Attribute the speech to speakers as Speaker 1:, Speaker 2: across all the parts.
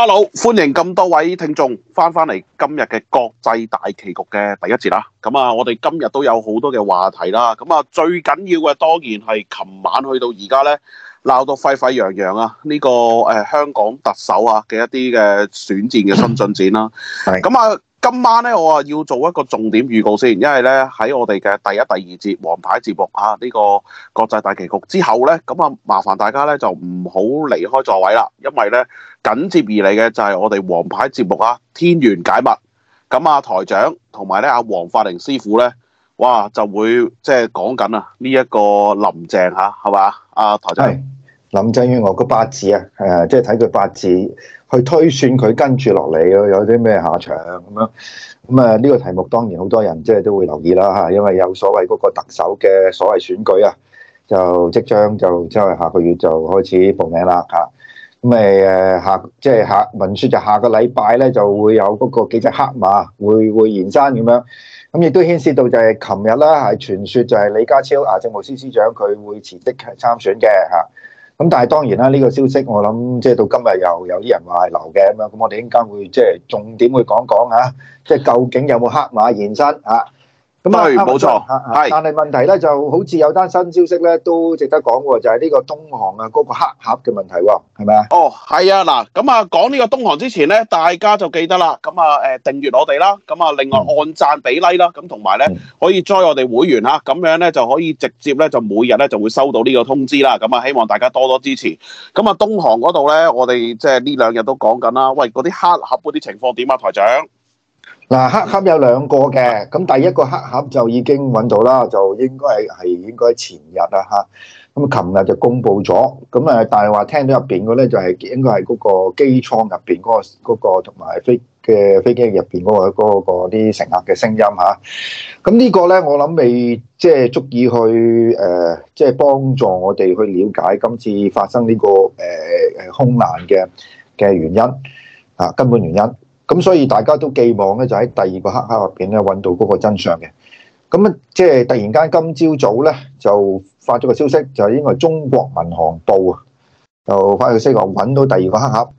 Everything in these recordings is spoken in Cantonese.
Speaker 1: hello，歡迎咁多位聽眾翻翻嚟，今日嘅國際大棋局嘅第一節啦。咁啊，我哋今日都有好多嘅話題啦。咁啊，最緊要嘅當然係琴晚去到而家咧，鬧到沸沸揚揚啊！呢個誒，呃，香港特首啊嘅一啲嘅選戰嘅新進展啦。咁啊。 今晚咧，我啊要做一個重點預告先，因為咧喺我哋嘅第一、第二節王牌節目啊呢，這個國際大棋局之後咧，咁啊麻煩大家咧就唔好離開座位啦，因為咧緊接而嚟嘅就係我哋王牌節目啊天元解密，咁啊台長同埋咧阿黃發玲師傅咧，哇就會即係，就是，講緊啊呢一個林鄭吓係嘛，啊，
Speaker 2: 台長。林鄭月娥個八字啊，誒，即係睇佢八字去推算佢跟住落嚟有有啲咩下場咁樣。咁、嗯、啊，呢、呢個題目當然好多人即係都會留意啦嚇，因為有所謂嗰個特首嘅所謂選舉啊，就即將就即係下個月就開始報名啦嚇。咁誒誒下即係下文選就下個禮拜咧就會有嗰個幾隻黑馬會會現身咁樣。咁、嗯、亦都牽涉到就係琴日啦，係傳説就係李家超啊，政務司司長佢會辭職參選嘅嚇。啊。咁但係當然啦，呢個消息我諗即係到今日又有啲人話係流嘅咁樣，咁我哋應該會即係重點去講講嚇，即係究竟有冇黑馬現身嚇？係，冇錯。係，但係問題咧，就好似有單新消息咧，都值得
Speaker 1: 講喎。就係、是、呢個東航啊，嗰個黑盒嘅問題喎，係咪、哦、啊？哦，係啊。嗱，咁啊，講呢個東航之前咧，大家就記得啦。咁啊，誒、呃，訂閱我哋啦。咁啊，另外按讚俾 like 啦。咁同埋咧，可以 join 我哋會員吓，咁樣咧就可以直接咧就每日咧就會收到呢個通知啦。咁啊，希望大家多多支持。咁啊，東航嗰度咧，我哋即係呢兩日都講緊啦。喂，嗰啲黑盒嗰啲情況點啊，台長？
Speaker 2: 嗱，黑盒有兩個嘅，咁第一個黑盒就已經揾到啦，就應該係係應該前日啊嚇，咁啊琴日就公布咗。咁啊但係話聽到入邊嘅咧就係應該係嗰個機艙入邊嗰個嗰個同埋飛嘅飛機入邊嗰個嗰個啲乘客嘅聲音嚇，咁呢個咧我諗未即係足以去誒，即係幫助我哋去了解今次發生呢個誒誒空難嘅嘅原因啊根本原因。咁所以大家都寄望咧，就喺第二個黑盒入邊咧揾到嗰個真相嘅。咁啊，即係突然間今朝早咧就發咗個消息，就係因為中國民航部啊，就發個消息話揾到第二個黑盒。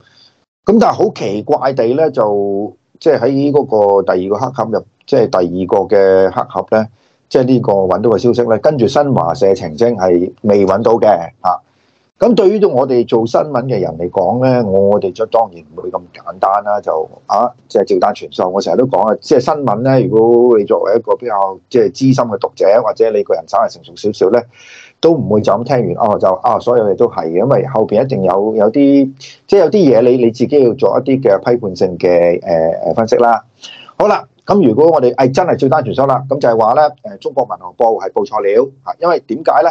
Speaker 2: 咁但係好奇怪地咧，就即係喺嗰個第二個黑盒入，即係第二個嘅黑盒咧，即係呢個揾到個消息咧。跟住新華社澄清係未揾到嘅啊。咁對於我哋做新聞嘅人嚟講呢，我哋就當然唔會咁簡單啦、啊，就啊，即係照單全收。我成日都講啊，即係新聞呢，如果你作為一個比較即係資深嘅讀者，或者你個人稍為成熟少少呢，都唔會就咁聽完哦、啊，就啊，所有嘢都係嘅，因為後邊一定有有啲即係有啲嘢，你你自己要做一啲嘅批判性嘅誒誒分析啦。好啦，咁如果我哋係、哎、真係照單全收啦，咁就係話呢誒中國民航報係報錯了嚇，因為點解呢？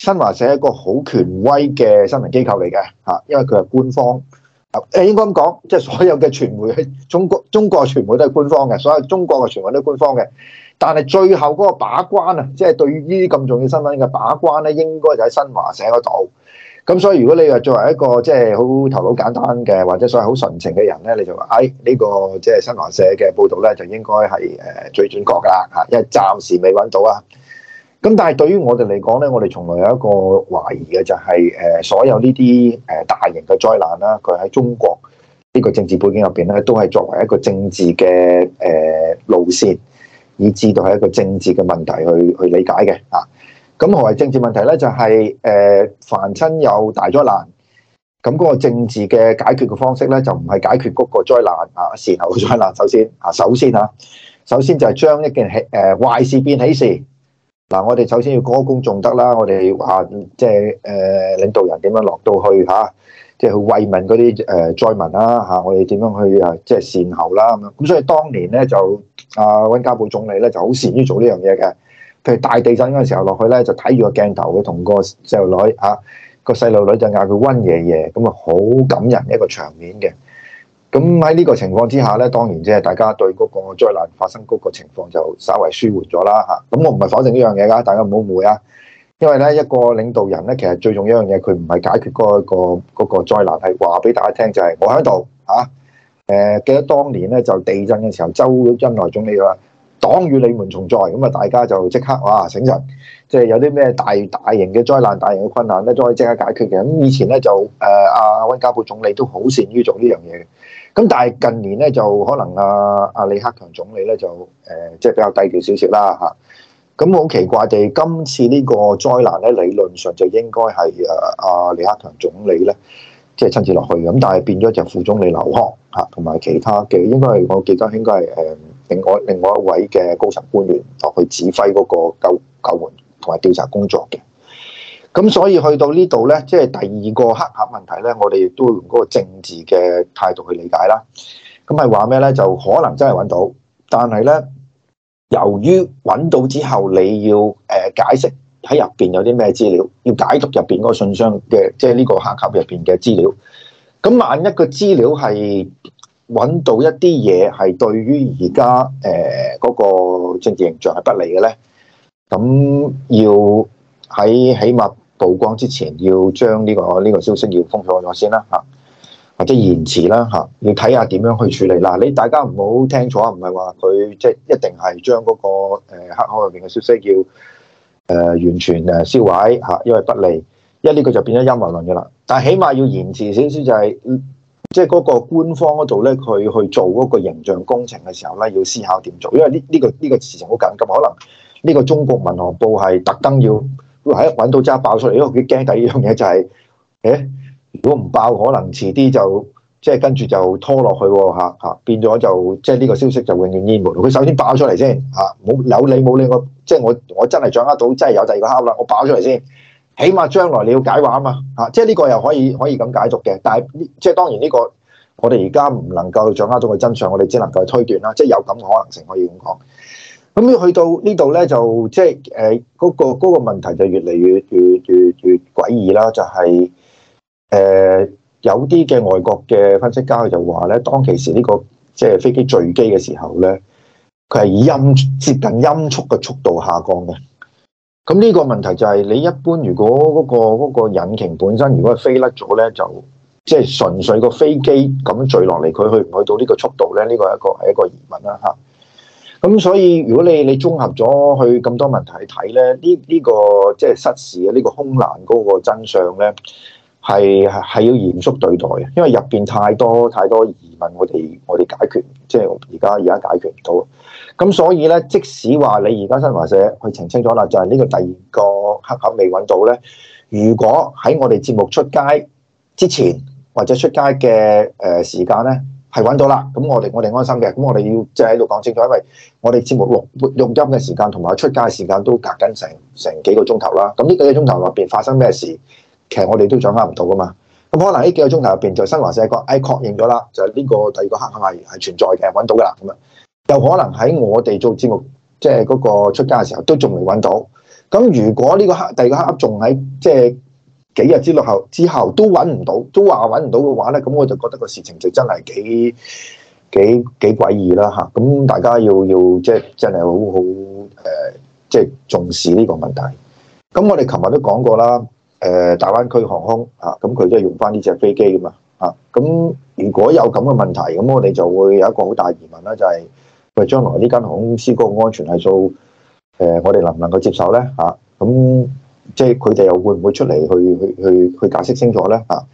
Speaker 2: 新華社一個好權威嘅新聞機構嚟嘅嚇，因為佢係官方。誒應該咁講，即係所有嘅傳媒喺中國，中國傳媒都係官方嘅，所有中國嘅傳媒都係官方嘅。但係最後嗰個把關啊，即係對呢啲咁重要新聞嘅把關咧，應該就喺新華社嗰度。咁所以如果你話作為一個即係好頭腦簡單嘅，或者所謂好純情嘅人咧，你就話誒呢個即係新華社嘅報導咧，就應該係誒最準確噶啦嚇，因為暫時未揾到啊。咁但係對於我哋嚟講咧，我哋從來有一個懷疑嘅就係、是、誒、呃、所有呢啲誒大型嘅災難啦。佢喺中國呢個政治背景入邊咧，都係作為一個政治嘅誒、呃、路線，以至到係一個政治嘅問題去去理解嘅啊。咁何謂政治問題咧，就係、是、誒、呃、凡親有大災難，咁嗰個政治嘅解決嘅方式咧，就唔係解決嗰個災難啊，善後嘅災難。首先啊，首先啊，首先就係將一件喜誒壞事變喜事。嗱，我哋首先要歌功頌德啦，我哋話即係誒領導人點樣落到去吓，即係去慰問嗰啲誒災民啦吓，我哋點樣去啊即係善後啦咁樣，咁所以當年咧就啊溫家寶總理咧就好善於做呢樣嘢嘅，譬如大地震嗰陣時候落去咧就睇住個鏡頭，佢同個細路女啊，個細路女就嗌佢溫爺爺，咁啊好感人一個場面嘅。咁喺呢個情況之下咧，當然即係大家對嗰個災難發生嗰個情況就稍為舒緩咗啦吓。咁我唔係否定呢樣嘢噶，大家唔好誤會啊。因為咧一個領導人咧，其實最重要一樣嘢，佢唔係解決嗰個嗰個災難，係話俾大家聽就係我喺度吓。誒，記得當年咧就地震嘅時候，周恩來總理話：黨與你們同在。咁啊，大家就即刻哇醒神！即係有啲咩大大型嘅災難、大型嘅困難咧，都可以即刻解決嘅。咁以前咧就誒阿温家寶總理都好善於做呢樣嘢。咁但係近年咧就可能阿、啊、阿、啊、李克強總理咧就誒即係比較低調少少啦嚇。咁、啊、好奇怪地，就係，今次呢個災難咧理論上就應該係誒阿李克強總理咧即係親自落去嘅，咁但係變咗就副總理劉鶴嚇同埋其他嘅，應該係我記得應該係誒另外另外一位嘅高層官員落去指揮嗰個救救援同埋調查工作嘅。咁所以去到呢度咧，即係第二個黑盒問題咧，我哋亦都會用嗰個政治嘅態度去理解啦。咁係話咩咧？就可能真係揾到，但係咧，由於揾到之後你要誒解釋喺入邊有啲咩資料，要解讀入邊嗰個信箱嘅，即係呢個黑盒入邊嘅資料。咁萬一個資料係揾到一啲嘢係對於而家誒嗰個政治形象係不利嘅咧，咁要。喺起碼曝光之前，要將呢、這個呢、這個消息要封鎖咗先啦嚇，或、啊、者延遲啦嚇、啊，要睇下點樣去處理嗱。你、啊、大家唔好聽錯啊，唔係話佢即係一定係將嗰個黑口入邊嘅消息要誒、呃、完全誒銷毀嚇，因為不利。因為呢個就變咗陰謀論嘅啦。但係起碼要延遲少少、就是，就、嗯、係即係嗰個官方嗰度咧，佢去，去做嗰個形象工程嘅時候咧，要思考點做，因為呢、這、呢個呢、這個事情好緊急，可能呢個中國民航部係特登要。嗱，到即刻爆出嚟，因為佢驚。第二樣嘢就係、是，誒、欸，如果唔爆，可能遲啲就即係、就是、跟住就拖落去喎，嚇、啊、嚇。變咗就即係呢個消息就永遠淹沒。佢首先爆出嚟先，嚇、啊、冇有你冇理、理、就是我。我即係我我真係掌握到，真係有第二個敲啦。我爆出嚟先，起碼將來你要解話啊嘛，嚇、啊！即係呢個又可以可以咁解讀嘅。但係即係當然呢、這個，我哋而家唔能夠掌握到佢真相，我哋只能夠推斷啦。即、就、係、是、有咁嘅可能性，可以咁講。咁要去到呢度咧，就即係誒嗰個嗰個問題就越嚟越越越越詭異啦。就係、是、誒、呃、有啲嘅外國嘅分析家就話咧，當其時呢個即係、就是、飛機墜機嘅時候咧，佢係音接近音速嘅速度下降嘅。咁呢個問題就係、是、你一般如果嗰個嗰個引擎本身如果係飛甩咗咧，就即係、就是、純粹個飛機咁墜落嚟，佢去唔去到呢個速度咧？呢個一個係一個疑問啦，嚇。咁所以，如果你你綜合咗去咁多問題去睇咧，呢呢、這個即係，這個、失事嘅呢、這個空難嗰個真相咧，係係要嚴肅對待，因為入邊太多太多疑問，我哋我哋解決，即係而家而家解決唔到。咁所以咧，即使話你而家新華社去澄清咗啦，就係、是、呢個第二個黑盒未揾到咧，如果喺我哋節目出街之前或者出街嘅誒時間咧？係揾到啦，咁我哋我哋安心嘅，咁我哋要即係喺度講清楚，因為我哋節目錄用音嘅時間同埋出街嘅時間都隔緊成成幾個鐘頭啦，咁呢幾個鐘頭入邊發生咩事，其實我哋都掌握唔到噶嘛，咁可能呢幾個鐘頭入邊就新華社一個確認咗啦，就呢、係、個第二個黑盒係存在嘅，揾到噶啦，咁啊，又可能喺我哋做節目即係嗰個出街嘅時候都仲未揾到，咁如果呢個黑第二個黑盒仲喺即係。即係幾日之落後之後都揾唔到，都話揾唔到嘅話咧，咁我就覺得個事情就真係幾幾幾詭異啦嚇！咁大家要要即係真係好好誒，即係、呃、重視呢個問題。咁我哋琴日都講過啦，誒、呃、大灣區航空嚇，咁佢都係用翻呢隻飛機噶嘛嚇。咁、啊啊、如果有咁嘅問題，咁我哋就會有一個好大疑問啦，就係、是、喂，將來呢間航空公司個安全係數誒、呃，我哋能唔能夠接受咧嚇？咁、啊啊啊即係佢哋又會唔會出嚟去去去去解釋清楚咧？啊，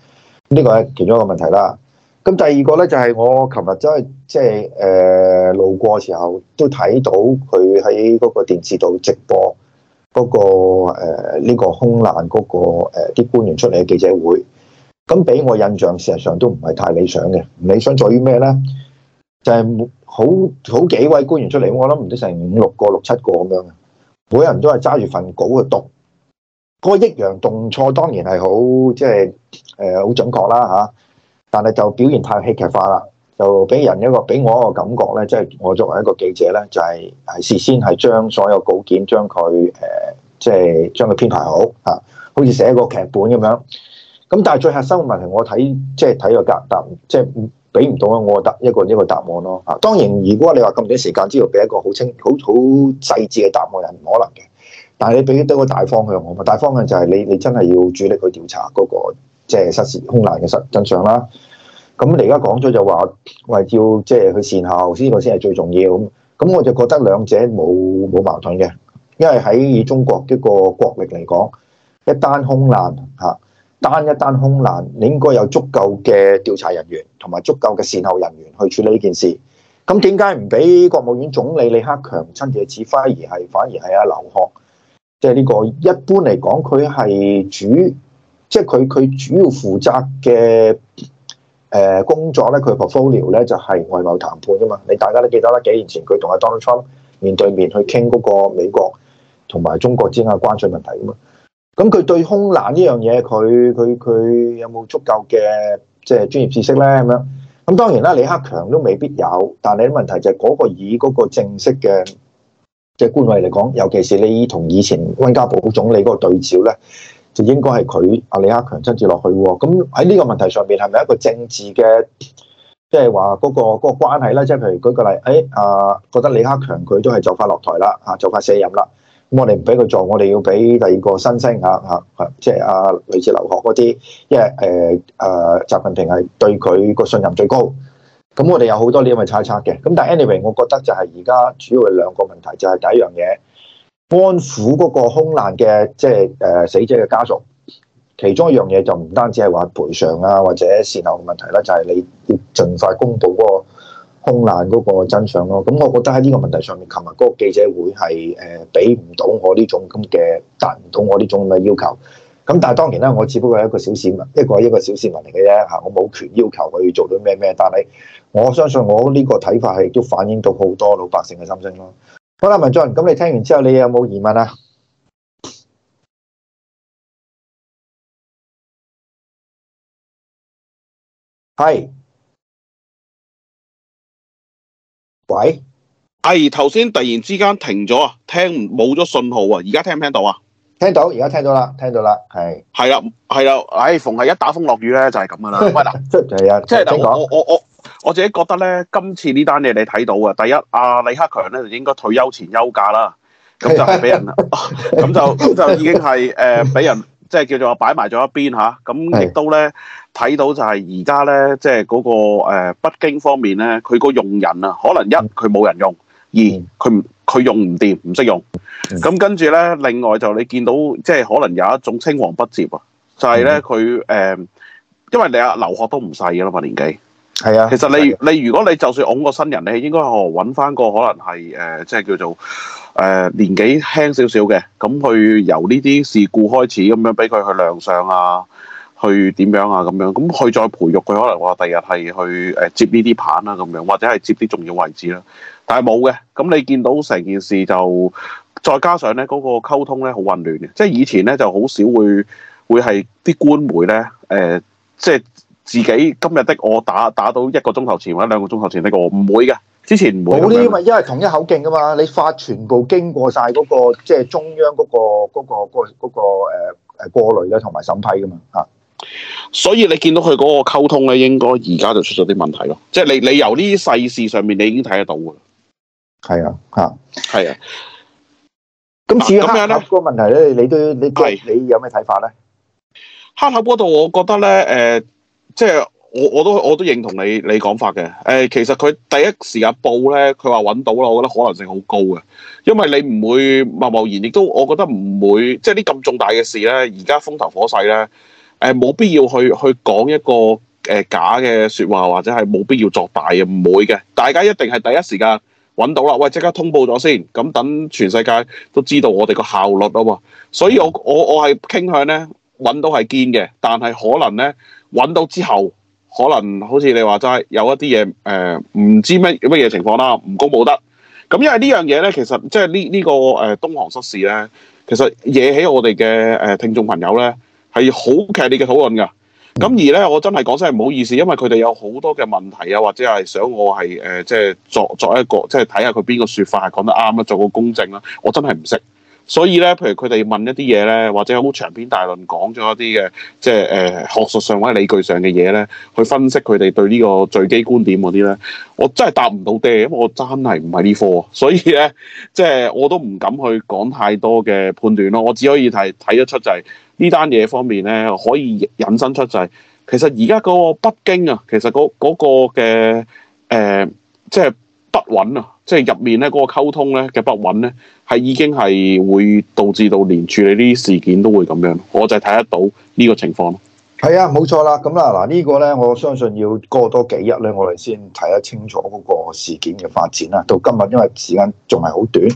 Speaker 2: 呢個係其中一個問題啦。咁第二個咧就係、是、我琴日真係即係誒路過時候都睇到佢喺嗰個電視度直播嗰、那個呢、呃這個空難嗰個啲、呃、官員出嚟嘅記者會，咁俾我印象事實上都唔係太理想嘅。理想在於咩咧？就係好好幾位官員出嚟，我諗唔知成五六個六七個咁樣，每人都係揸住份稿去讀。嗰個抑揚頓挫當然係好，即係誒好準確啦嚇。但係就表現太戲劇化啦，就俾人一個俾我一個感覺咧，即係我作為一個記者咧，就係係事先係將所有稿件將佢誒即係將佢編排好嚇，好似寫一個劇本咁樣。咁但係最核心嘅問題我，我睇即係睇個答答，即係俾唔到我答一個一個答案咯嚇。當然，如果你話咁短時間之內俾一個好清好好細緻嘅答案係唔可能嘅。但係你俾得個大方向我嘛？大方向就係你，你真係要主力去調查嗰、那個即係失事空難嘅失真相啦。咁你而家講咗就話，我係要即係去善後先，呢個先係最重要。咁，咁我就覺得兩者冇冇矛盾嘅，因為喺中國一個國力嚟講，一單空難嚇單一單空難，你應該有足夠嘅調查人員同埋足夠嘅善後人員去處理呢件事。咁點解唔俾國務院總理李克強親自指揮，而係反而係阿劉鶴？即係呢個一般嚟講，佢係主，即係佢佢主要負責嘅誒工作咧，佢嘅 portfolio 咧就係、是、外貿談判噶嘛。你大家都記得啦，幾年前佢同阿 Donald Trump 面對面去傾嗰個美國同埋中國之間嘅關稅問題噶嘛。咁佢對空難呢樣嘢，佢佢佢有冇足夠嘅即係專業知識咧？咁樣咁當然啦，李克強都未必有。但係你啲問題就係嗰個以嗰個正式嘅。即係官位嚟講，尤其是你同以前溫家寶總理嗰個對照咧，就應該係佢阿李克強親自落去。咁喺呢個問題上面，係咪一個政治嘅，即係話嗰個嗰、嗰個關係咧？即係譬如舉個例，誒、哎，啊，覺得李克強佢都係就快落台啦，啊，就快卸任啦。咁我哋唔俾佢做，我哋要俾第二個新星啊啊，即係啊類似劉鶴嗰啲，因為誒誒習近平係對佢個信任最高。咁我哋有好多呢啲咁嘅猜測嘅，咁但係 anyway，我覺得就係而家主要兩個問題，就係、是、第一樣嘢，安撫嗰個空難嘅即係誒死者嘅家族，其中一樣嘢就唔單止係話賠償啊或者善後嘅問題啦，就係、是、你要盡快公布嗰個空難嗰個真相咯、啊。咁我覺得喺呢個問題上面，琴日嗰個記者會係誒俾唔到我呢種咁嘅達唔到我呢種嘅要求。咁但係當然啦，我只不過係一個小市民，一個一個小市民嚟嘅啫嚇，我冇權要求佢做到咩咩。但係我相信我呢個睇法係都反映到好多老百姓嘅心聲咯。好啦，文進，咁你聽完之後，你有冇疑問啊？係，
Speaker 1: 喂，哎，頭先突然之間停咗啊，聽冇咗信號啊，而家聽唔聽到啊？
Speaker 2: 聽到，而家聽到啦，聽到啦，
Speaker 1: 係係啦，係啦，唉，逢、哎、係一打風落雨咧就係咁噶啦，喂， 嗱、
Speaker 2: 就是，即係啊，即
Speaker 1: 係我我我我自己覺得咧，今次呢單嘢你睇到啊，第一啊，李克強咧就應該退休前休假啦，
Speaker 2: 咁就係俾人啦，
Speaker 1: 咁就咁就已經係誒俾人即係、就是、叫做擺埋咗一邊嚇，咁亦都咧睇到就係而家咧即係嗰個誒北京方面咧，佢個用人啊，可能一佢冇人用。 二佢唔佢用唔掂，唔識用、嗯。咁跟住咧，另外就你見到即係可能有一種青黃不接啊，就係咧佢誒，因為你阿、啊、留學都唔細嘅啦嘛年紀。係啊，其實你、啊、你如果你就算擁個新人你應該可揾翻個可能係誒、呃，即係叫做誒、呃、年紀輕少少嘅，咁去由呢啲事故開始咁樣俾佢去亮相啊。去點樣啊？咁樣咁佢再培育佢，可能話第日係去誒、呃、接呢啲棒啦、啊，咁樣或者係接啲重要位置啦。但係冇嘅，咁你見到成件事就再加上咧嗰、那個溝通咧好混亂嘅，即係以前咧就好少會會係啲官媒咧誒、呃，即係自己今日的我打打到一個鐘頭前或者兩個鐘頭前的我，唔會嘅，之前唔會冇啲因
Speaker 2: 為同一口徑噶嘛，你發全部經過晒嗰、那個即係、就是、中央嗰、那個嗰、那個嗰、那個嗰、那個誒誒過濾啦同埋
Speaker 1: 審批噶嘛啊！所以你見到佢嗰個溝通咧，應該而家就出咗啲問題咯。即係你你由呢啲細事上面，你已經睇得到噶。係啊，吓係啊。
Speaker 2: 咁、啊、那至於黑口嗰個問題咧，你都你是你有咩睇法咧？
Speaker 1: 黑口嗰度，我覺得咧，誒、呃，即、就、係、是、我我都我都認同你你講法嘅。誒、呃，其實佢第一時間報咧，佢話揾到啦，我覺得可能性好高嘅，因為你唔會貿貿然，亦都我覺得唔會，即係啲咁重大嘅事咧，而家風頭火勢咧。呢誒冇必要去去講一個誒、呃、假嘅説話，或者係冇必要作大嘅，唔會嘅。大家一定係第一時間揾到啦，喂，即刻通報咗先，咁等全世界都知道我哋個效率啊喎。所以我我我係傾向咧揾到係堅嘅，但係可能咧揾到之後，可能好似你話齋有一啲嘢誒唔知乜乜嘢情況啦，唔公冇得。咁、嗯、因為呢樣嘢咧，其實即係呢呢個誒、呃、東航失事咧，其實惹起我哋嘅誒聽眾朋友咧。係好劇烈嘅討論㗎，咁而呢，我真係講真係唔好意思，因為佢哋有好多嘅問題啊，或者係想我係誒，即、呃、係、就是、作作一個，即係睇下佢邊個説法係講得啱啦，做個公正啦，我真係唔識。所以咧，譬如佢哋問一啲嘢咧，或者有冇長篇大論講咗一啲嘅，即係誒、呃、學術上或者理據上嘅嘢咧，去分析佢哋對呢個最基觀點嗰啲咧，我真係答唔到爹，因為我真係唔係呢科，所以咧，即係我都唔敢去講太多嘅判斷咯。我只可以睇睇得出就係呢單嘢方面咧，可以引申出就係、是、其實而家嗰個北京啊，其實嗰、嗰個嘅誒、嗰個呃，即係不穩啊。即係入面咧嗰個溝通咧嘅不穩咧，係已經係會導致到連處理啲事件都會咁樣，我就係睇得到呢個情況。
Speaker 2: 係啊，冇錯啦，咁啦嗱，呢個咧，我相信要過多幾日咧，我哋先睇得清楚嗰個事件嘅發展啦。到今日因為時間仲係好短，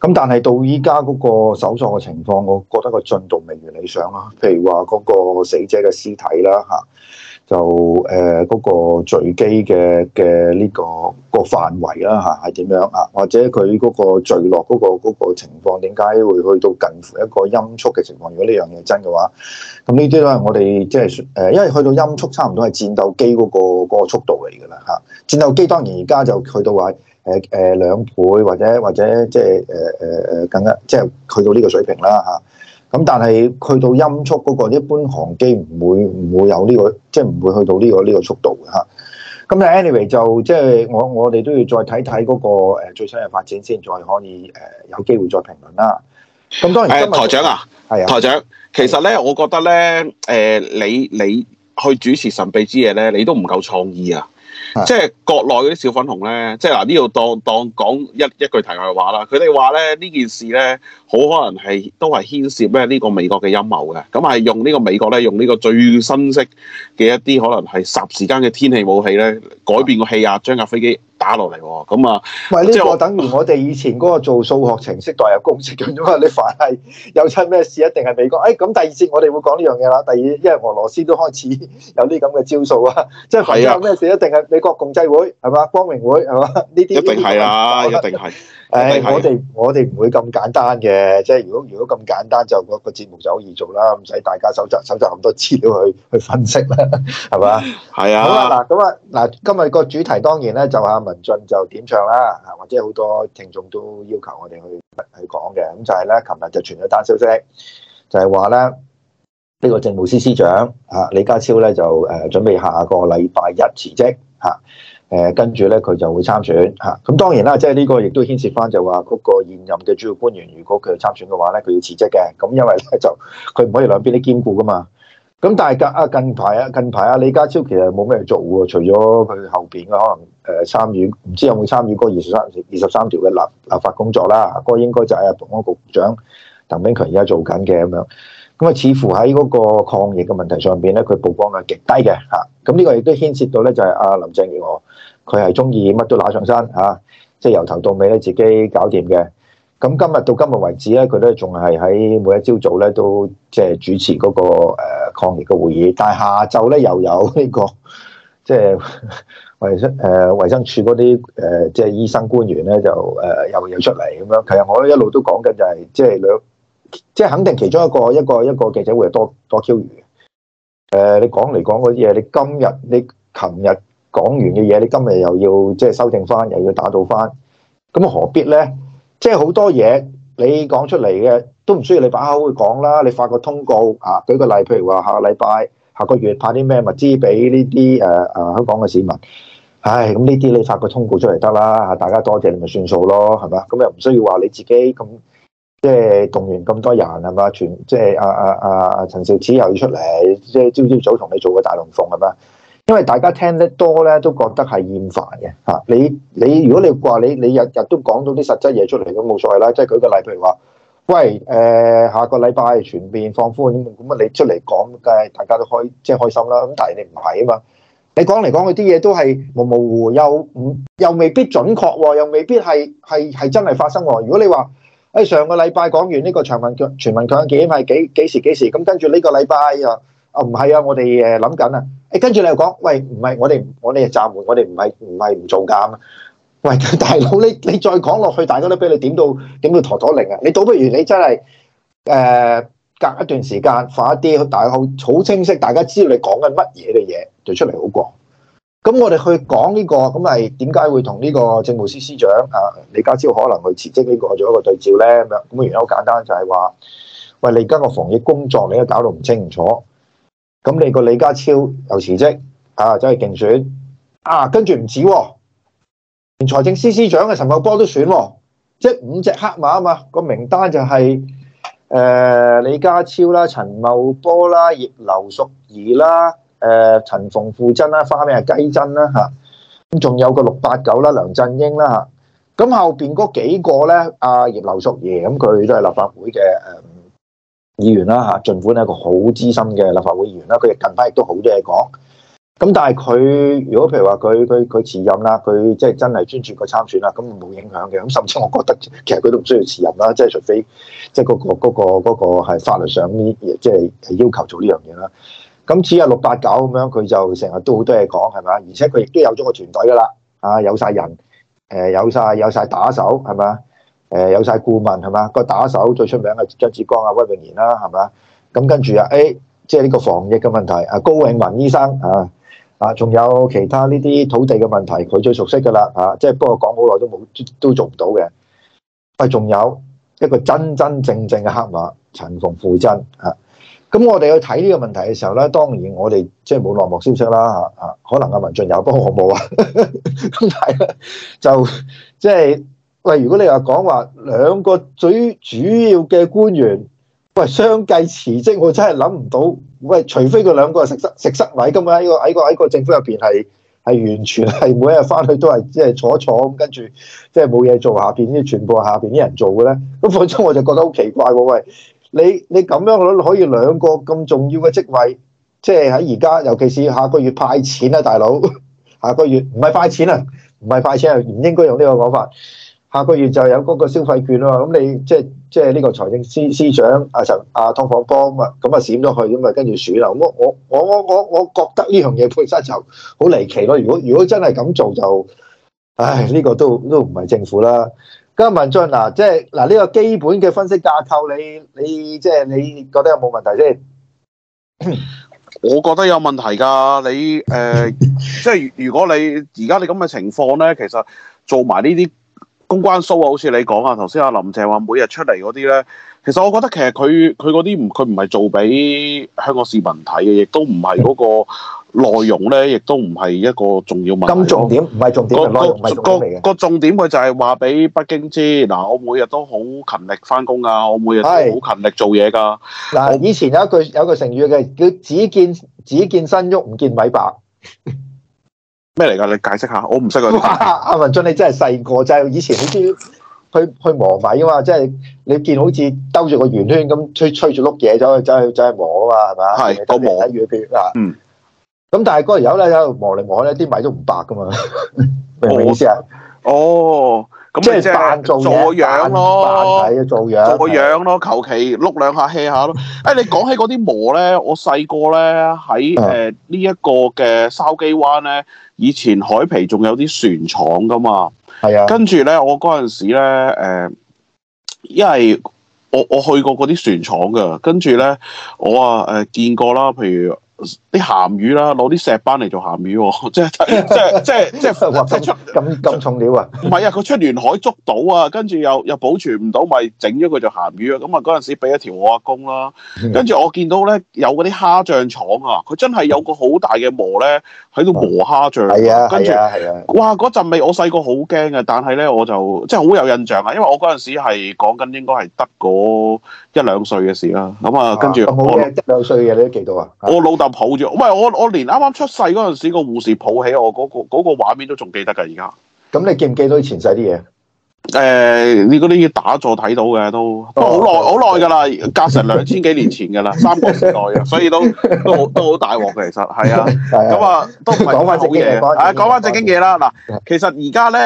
Speaker 2: 咁但係到依家嗰個搜索嘅情況，我覺得個進度未如理想啦。譬如話嗰個死者嘅屍體啦嚇。就誒嗰個墜機嘅嘅呢個個範圍啦嚇，係點樣啊？或者佢嗰個墜落嗰個嗰個情況，點解會去到近乎一個音速嘅情況？如果呢樣嘢真嘅話，咁呢啲都係，我哋即係誒，因為去到音速，差唔多係戰鬥機嗰個嗰個速度嚟㗎啦嚇。戰鬥機當然而家就去到話誒誒兩倍，或者或者即係誒誒誒更加，即係去到呢個水平啦嚇。咁但係去到音速嗰個一般航機唔會唔會有呢個，即係唔會去到呢個呢個速度嘅嚇。咁咧，anyway 就即係我我哋都要再睇睇嗰個最新嘅發展先，再可以誒、呃、有機會再評論啦。咁當然係台長啊，
Speaker 1: 係啊，台長。其實咧，我覺得咧，誒、呃、你你去主持神秘之夜咧，你都唔夠創意啊！即係國內嗰啲小粉紅咧，即係嗱呢度當當講一一句題外話啦。佢哋話咧，呢件事咧，好可能係都係牽涉咧呢個美國嘅陰謀嘅，咁係用呢個美國咧，用呢個最新式嘅一啲可能係霎時間嘅天氣武器咧，改變個氣壓，將架飛機。打落
Speaker 2: 嚟喎，咁啊，啊即係我等於我哋以前嗰個做數學程式代入公式咁樣， 你凡係有出咩事一定係美國，誒、哎、咁第二節我哋會講呢樣嘢啦。第二，因為俄羅斯都開始有啲咁嘅招數啊，即係凡有咩事一定係美國共濟會係嘛，光明會係嘛，呢啲一定係啦、啊，一定係。誒，我哋我哋唔會咁簡單嘅，即係如果如果咁簡單就個個節目就好易做啦，唔使大家搜集搜集咁多資料去去分析啦，係嘛？
Speaker 1: 係啊、嗯。好啦，嗱
Speaker 2: 咁啊，嗱今日個主題當然咧就啊。文進就點唱啦，或者好多聽眾都要求我哋去去講嘅，咁就係咧，琴日就傳咗單消息，就係話咧，呢個政務司司長啊李家超咧就誒準備下個禮拜一辭職嚇，誒跟住咧佢就會參選嚇，咁當然啦，即係呢個亦都牽涉翻就話嗰個現任嘅主要官員，如果佢去參選嘅話咧，佢要辭職嘅，咁因為咧就佢唔可以兩邊都兼顧噶嘛。咁但係近啊，近排啊，近排啊，李家超其實冇咩做喎，除咗佢後邊嘅可能誒參與，唔知有冇參與嗰二十三二十三條嘅立立法工作啦。嗰、那個應該就係啊，保安局長鄧炳強而家做緊嘅咁樣。咁啊，似乎喺嗰個抗疫嘅問題上邊咧，佢曝光率極低嘅吓。咁呢個亦都牽涉到咧，就係阿林鄭月娥，佢係中意乜都拿上身吓，即係由頭到尾咧自己搞掂嘅。咁今日到今日為止咧，佢都仲係喺每一朝早咧都即係主持嗰、那個誒。抗疫嘅會議，但係下晝咧又有呢、這個，即係衞生誒衞生署嗰啲誒即係醫生官員咧就誒又、呃、又出嚟咁樣。其實我一路都講緊就係即係兩，即、就、係、是就是就是、肯定其中一個一個一個,一個記者會係多多 Q 餘。誒、呃，你講嚟講啲嘢，你今日你琴日講完嘅嘢，你今日又要即係修正翻，又要打倒翻，咁何必咧？即係好多嘢你講出嚟嘅。都唔需要你把口去講啦，你發個通告啊，舉個例，譬如話下個禮拜、下個月派啲咩物資俾呢啲誒誒香港嘅市民。唉、哎，咁呢啲你發個通告出嚟得啦，大家多謝你咪算數咯，係嘛？咁、嗯、又唔需要話你自己咁即係動員咁多人係嘛？全即係啊啊啊啊陳肇始又要出嚟，即係朝朝早同你做個大龍鳳係嘛？因為大家聽得多咧，都覺得係厭煩嘅嚇、啊。你你如果你話你你，你日日都講到啲實質嘢出嚟都冇所謂啦，即係舉個例譬如話。喂，誒下個禮拜全面放寬，咁乜你出嚟講，梗係大家都開即係開心啦。咁但係你唔係啊嘛，你講嚟講去啲嘢都係模模糊糊，又唔又未必準確喎，又未必係係係真係發生喎。如果你話誒上個禮拜講完呢個全民強全民強檢係幾幾時幾時？咁跟住呢個禮拜又啊唔係啊，我哋誒諗緊啊，誒跟住你又講，喂唔係我哋我哋就暫緩，我哋唔係唔係唔做㗎嘛。喂，大佬，你你再講落去，大家都俾你點到點到陀陀零啊！你倒不如你真係誒、呃，隔一段時間放一啲，大家好好清晰，大家知道你講緊乜嘢嘅嘢就出嚟好過。咁我哋去講呢、這個，咁係點解會同呢個政務司司長啊李家超可能去辭職呢個做一個對照咧？咁樣咁原因好簡單，就係話，喂，你而家個防疫工作你都搞到唔清楚，咁你個李家超又辭職啊，走去競選啊，跟住唔止、哦。連財政司司長嘅陳茂波都選、哦，即係五隻黑馬啊嘛個名單就係、是、誒、呃、李家超啦、陳茂波啦、葉劉淑儀啦、誒陳馮富珍啦，花名係雞珍啦吓，咁仲有個六八九啦、梁振英啦吓，咁、啊、後邊嗰幾個咧，阿葉劉淑儀咁佢都係立法會嘅誒議員啦吓，盡、啊、管一個好資深嘅立法會議員啦，佢近排亦都好多嘢講。咁但係佢如果譬如話佢佢佢辭任啦，佢即係真係專注個參選啦，咁冇影響嘅。咁甚至我覺得其實佢都唔需要辭任啦，即係除非即係嗰個嗰個嗰個係法律上呢，即係要求做呢樣嘢啦。咁似啊六八九咁樣，佢就成日都好多嘢講係嘛，而且佢亦都有咗個團隊㗎啦，啊有晒人，誒有晒有晒打手係嘛，誒有晒顧問係嘛，個打手最出名嘅張志光、啊、威永賢啦係嘛，咁跟住啊誒，即係呢個防疫嘅問題啊，高永文醫生啊。啊，仲有其他呢啲土地嘅問題，佢最熟悉噶啦，啊，即係不過講好耐都冇，都做唔到嘅。喂、啊，仲有一個真真正正嘅黑馬陳馮富珍啊，咁我哋去睇呢個問題嘅時候咧，當然我哋即係冇內幕消息啦，啊啊，可能阿文進有不過好冇啊，咁 但係就即係、就是、喂，如果你話講話兩個最主要嘅官員。喂，相繼辭職，我真係諗唔到。喂，除非佢兩個食塞食塞位，咁啊呢個呢個呢個政府入邊係係完全係每日翻去都係即係坐一坐咁，跟住即係冇嘢做下邊，啲全部係下邊啲人做嘅咧。咁否則我就覺得好奇怪喎、啊。喂，你你咁樣可以兩個咁重要嘅職位，即係喺而家，尤其是下個月派錢啊，大佬，下個月唔係派錢啊，唔係派錢係、啊、唔應該用呢個講法。下個月就有嗰個消費券啊嘛，咁你即係即係呢個財政司司長阿、啊、陳阿湯廣波啊咁啊閃咗去啊嘛，跟住鼠流，咁我我我我我覺得呢樣嘢本身就好離奇咯。如果如果真係咁做就，唉，呢、呢個都都唔係政府啦。金文進啊，即係嗱，呢、啊呢個基本嘅分析架構，你你即係你覺得有冇問題先？
Speaker 1: 我覺得有問題㗎。你誒，即、呃、係 如果你而家你咁嘅情況咧，其實做埋呢啲。公關 show 啊，好似你講啊，頭先阿林鄭話每日出嚟嗰啲咧，其實我覺得其實佢佢嗰啲唔佢唔係做俾香港市民睇嘅，亦都唔係嗰個內容咧，亦都唔係一個重要問題。咁重點唔係重點，重點個重點個,個,個重點佢就係話俾北京知嗱，我每日都好勤力返工啊，我每日都好勤力做嘢㗎。嗱
Speaker 2: 的，我以前有一句有一句成語嘅叫只見只見身喐，唔見米白。
Speaker 1: 咩嚟噶？你解釋下，我唔識佢。
Speaker 2: 阿、啊、文俊，你真係細個啫！以前好似去 去、去磨米噶嘛，即、就、係、是、你見好似兜住個圓圈咁，吹吹住碌嘢走去走去走去磨啊嘛，係咪磨啊？月我嗯，咁但係嗰陣時咧，有磨嚟磨咧，啲米都唔白噶嘛。意思啊。
Speaker 1: 哦，咁即係扮做樣咯。係啊，做樣。做樣咯，求其碌兩下 hea 下咯。誒， 你講起嗰啲、欸、磨咧，我細個咧喺誒呢、欸、 一個嘅筲箕灣咧。以前海皮仲有啲船廠噶嘛，係是啊，跟住咧，我嗰陣時咧，誒、呃，因為我我去過嗰啲船廠噶，跟住咧，我啊誒、呃、見過啦，譬如啲鹹魚啦，攞啲石斑嚟做鹹魚，啊 即，即係即係即係即係即係出咁咁重料啊！唔係啊，佢出沿海捉到啊，跟住又又保存唔到，咪整咗佢做鹹魚啊！咁啊嗰陣時俾一條我阿公啦，啊，跟住我見到咧有嗰啲蝦醬廠啊，佢真係有個好大嘅磨咧。喺度、嗯、磨蝦醬，啊、跟住着、啊啊、哇嗰陣味我，我細個好驚嘅，但係咧我就真係好有印象啊，因為我嗰陣時係講緊應該係得個一兩歲嘅事啦。咁啊，跟住我、啊、我一
Speaker 2: 兩歲嘅你都記到
Speaker 1: 啊？我老豆抱住，喂，我我連啱啱出世嗰陣時，那時那個護士抱起我嗰、那個嗰、那個、畫面都仲記得㗎，而家。
Speaker 2: 咁你記唔記到前世啲嘢？
Speaker 1: 誒、呃，你嗰啲要打坐睇到嘅，都都好耐好耐噶啦， 隔成兩千幾年前噶啦， 三國時代啊，所以都都好都好大鑊嘅，其實係啊，咁啊都唔係講翻正嘢啊，講翻正經嘢啦嗱，其實而家咧，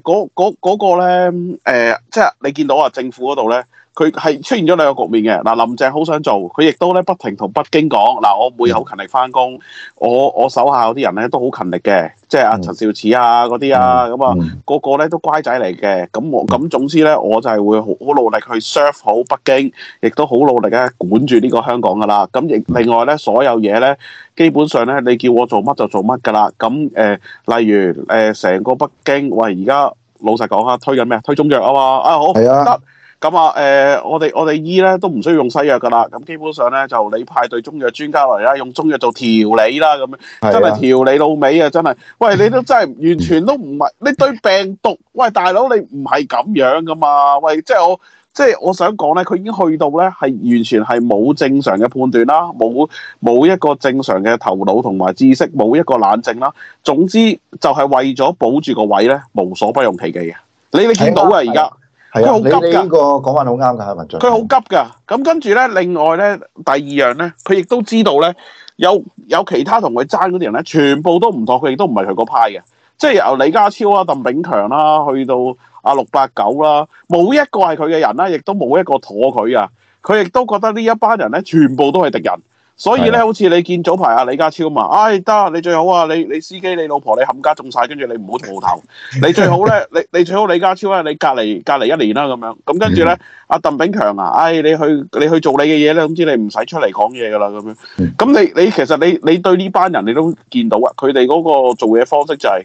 Speaker 1: 誒，嗰嗰嗰個咧誒、呃，即係你見到啊，政府嗰度咧。佢係出現咗兩個局面嘅嗱。林鄭好想做，佢亦都咧不停同北京講嗱。我會好勤力返工，我我手下嗰啲人咧都好勤力嘅，即係阿陳肇始啊嗰啲啊咁啊，個個咧都乖仔嚟嘅。咁我咁總之咧，我就係會好好努力去 serve 好北京，亦都好努力咧管住呢個香港噶啦。咁亦另外咧，所有嘢咧基本上咧，你叫我做乜就做乜噶啦。咁誒、呃，例如誒，成、呃、個北京喂，而家老實講下，推緊咩？推中藥啊嘛啊好得。咁啊，誒、嗯呃，我哋我哋醫咧都唔需要用西藥噶啦，咁基本上咧就你派對中藥專家嚟啦，用中藥做調理啦，咁樣真係調理到尾啊！真係，喂，你都真係完全都唔係你對病毒，喂大佬你唔係咁樣噶嘛？喂，即係我即係我想講咧，佢已經去到咧係完全係冇正常嘅判斷啦，冇冇一個正常嘅頭腦同埋知識，冇一個冷靜啦。總之就係為咗保住個位咧，無所不用其極啊！你你見到啊而家？
Speaker 2: 係好急，你呢個講法好
Speaker 1: 啱噶，文進。佢好急噶，咁跟住咧，另外咧，第二樣咧，佢亦都知道咧，有有其他同佢爭嗰啲人咧，全部都唔妥，佢亦都唔係佢嗰派嘅，即係由李家超啊、鄧炳強啦，去到阿六八九啦，冇一個係佢嘅人啦，亦都冇一個妥佢啊，佢亦都覺得呢一班人咧，全部都係敵人。所以咧，好似你見早排阿李家超嘛？唉、哎，得，你最好啊！你你司機、你老婆、你冚家中晒，跟住你唔好蒲頭。 你最好咧，你你最好李家超啊！你隔離隔離一年啦、啊、咁樣。咁跟住咧，阿 鄧炳強啊，唉、哎，你去你去做你嘅嘢啦，總之你唔使出嚟講嘢噶啦咁樣。咁 你你其實你你對呢班人你都見到啊，佢哋嗰個做嘢方式就係、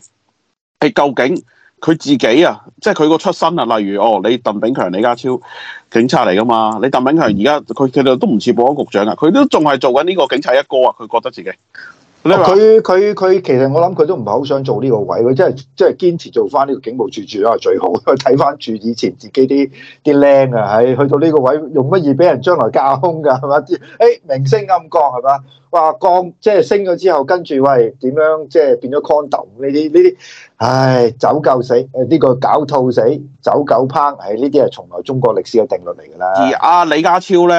Speaker 1: 是、係究竟。佢自己啊，即係佢個出身啊，例如哦，你鄧炳強、李家超，警察嚟㗎嘛。你鄧炳強而家佢其實都唔似保安局長啊，佢都仲係做緊呢個警察一哥啊，佢覺得自己。
Speaker 2: 佢佢佢，其實我諗佢都唔係好想做呢個位，佢真係真係堅持做翻呢個警務處處長係最好。佢睇翻住以前自己啲啲靚啊，係、哎、去到呢個位用乜嘢俾人將來架空㗎？係嘛？誒、哎、明升暗降係嘛？哇降即係、就是、升咗之後，跟住喂點樣即係、就是、變咗 condo 呢啲呢啲？唉、哎，走狗死誒呢、這個狡兔死，走狗烹。係呢啲係從來中國歷史嘅定律嚟㗎啦。而阿、
Speaker 1: 啊、李家超咧，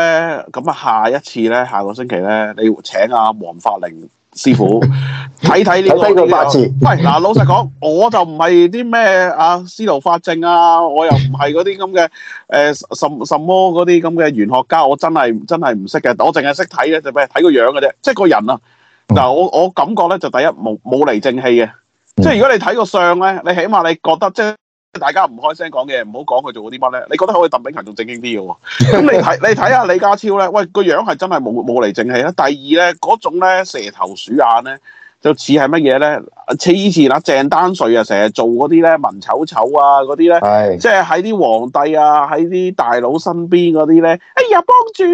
Speaker 1: 咁啊下一次咧，下個星期咧，你請阿、啊、黃法令。師傅睇睇呢個八字，唔嗱，老實講，我就唔係啲咩啊司徒法正啊，我又唔係嗰啲咁嘅誒什什麼嗰啲咁嘅玄學家，我真係真係唔識嘅，我淨係識睇嘅，就咩睇個樣嘅啫，即係個人啊嗱，我我感覺咧就第一冇冇離正氣嘅，即係如果你睇個相咧，你起碼你覺得即係。大家唔開聲講嘅，唔好講佢做咗啲乜咧。你覺得可以鄧炳強仲正經啲嘅？咁 你睇你睇下李家超咧，喂個樣係真係冇冇嚟正氣啦。第二咧，嗰種咧蛇頭鼠眼咧，就似係乜嘢咧？似以前啦，鄭丹瑞啊，成日做嗰啲咧文丑丑啊，嗰啲咧，即係喺啲皇帝啊，喺啲大佬身邊嗰啲咧。哎呀，幫主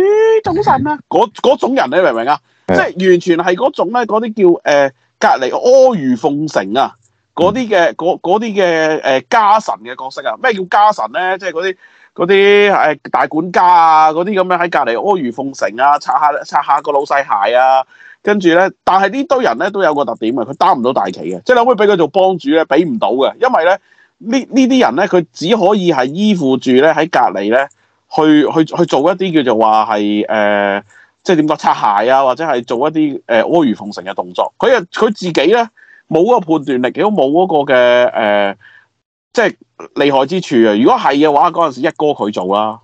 Speaker 1: 早晨啊！嗰嗰種人你明唔明啊？是即係完全係嗰種咧，嗰啲叫誒、呃、隔籬阿諛奉承啊！嗰啲嘅嗰啲嘅誒家臣嘅角色啊，咩叫家臣咧？即係嗰啲嗰啲誒大管家啊，嗰啲咁樣喺隔離阿諛奉承啊，擦下擦下個老細鞋啊，跟住咧，但係呢堆人咧都有個特點啊，佢擔唔到大旗嘅，即係你可以俾佢做幫主咧，俾唔到嘅，因為咧呢呢啲人咧，佢只可以係依附住咧喺隔離咧去去去做一啲叫做話係誒，即係點講擦鞋啊，或者係做一啲誒阿諛奉承嘅動作，佢啊佢自己咧。冇嗰個判斷力，亦都冇嗰個嘅誒、呃，即係利害之處啊！如果係嘅話，嗰陣時一哥佢做啦，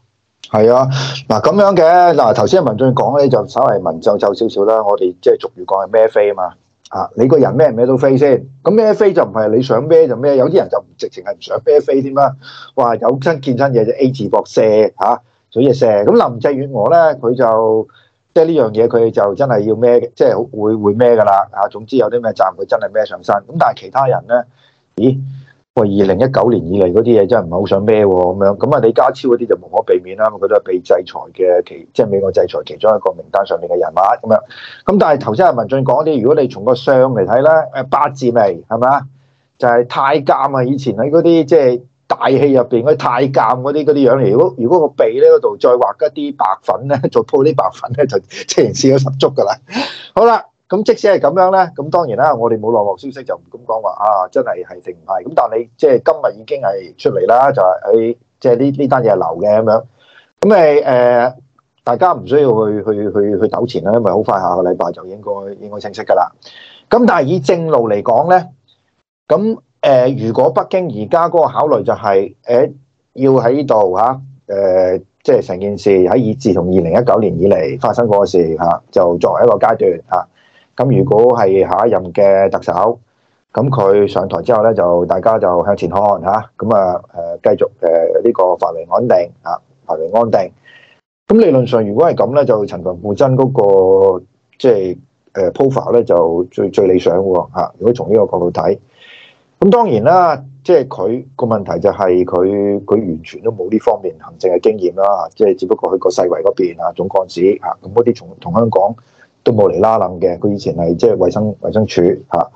Speaker 2: 係啊，嗱咁樣嘅嗱頭先文進講咧，就稍微文縐縐少少啦。我哋即係俗語講係咩飛啊嘛，啊你個人咩咩都飛先，咁咩飛就唔係你想咩就咩，有啲人就唔直情係唔想咩飛添啦。哇，有真見真嘢就 a 字膊射嚇，所以射咁林鄭月娥咧佢就。即係呢樣嘢，佢就真係要孭，即、就、係、是、會會孭㗎啦啊！總之有啲咩責任，佢真係孭上身。咁但係其他人咧，咦？喂，二零一九年以嚟嗰啲嘢真係唔係好想孭喎？咁樣咁啊，李家超嗰啲就無可避免啦，佢都係被制裁嘅其即係、就是、美國制裁其中一個名單上面嘅人物咁樣。咁但係頭先阿文俊講嗰啲，如果你從個相嚟睇咧，誒八字眉係咪啊？就係、是、太監啊！以前喺嗰啲即係。就是大氣入邊嗰太監嗰啲嗰啲樣嚟，如果如果個鼻咧嗰度再畫一啲白粉咧，再鋪啲白粉咧，就即係試咗十足噶啦。 好啦，咁即使係咁樣咧，咁當然啦，我哋冇落落消息就唔敢講話啊，真係係定唔係？咁但係你即係今日已經係出嚟啦，就係、是、喺、欸、即係呢呢單嘢係流嘅咁樣。咁誒誒，大家唔需要去去去去糾纏啦，因為好快下個禮拜就應該應該清晰噶啦。咁但係以正路嚟講咧，咁。誒，如果北京而家嗰個考慮就係誒，要喺呢度嚇，誒，即係成件事喺以自從二零一九年以嚟發生嗰個事嚇，就作為一個階段嚇。咁、啊、如果係下一任嘅特首，咁佢上台之後咧，就大家就向前看嚇。咁啊誒、啊啊，繼續誒呢個繁榮安定嚇，繁榮安定。咁、啊、理論上如果係咁咧，就陳馮富珍嗰、那個即係誒鋪法咧，就最最理想喎、啊、如果從呢個角度睇。咁當然啦，即係佢個問題就係佢佢完全都冇呢方面行政嘅經驗啦，即係只不過去過世衞嗰邊啊，總幹事嚇，咁嗰啲同同香港都冇嚟拉諗嘅。佢以前係即係衞生衞生署嚇，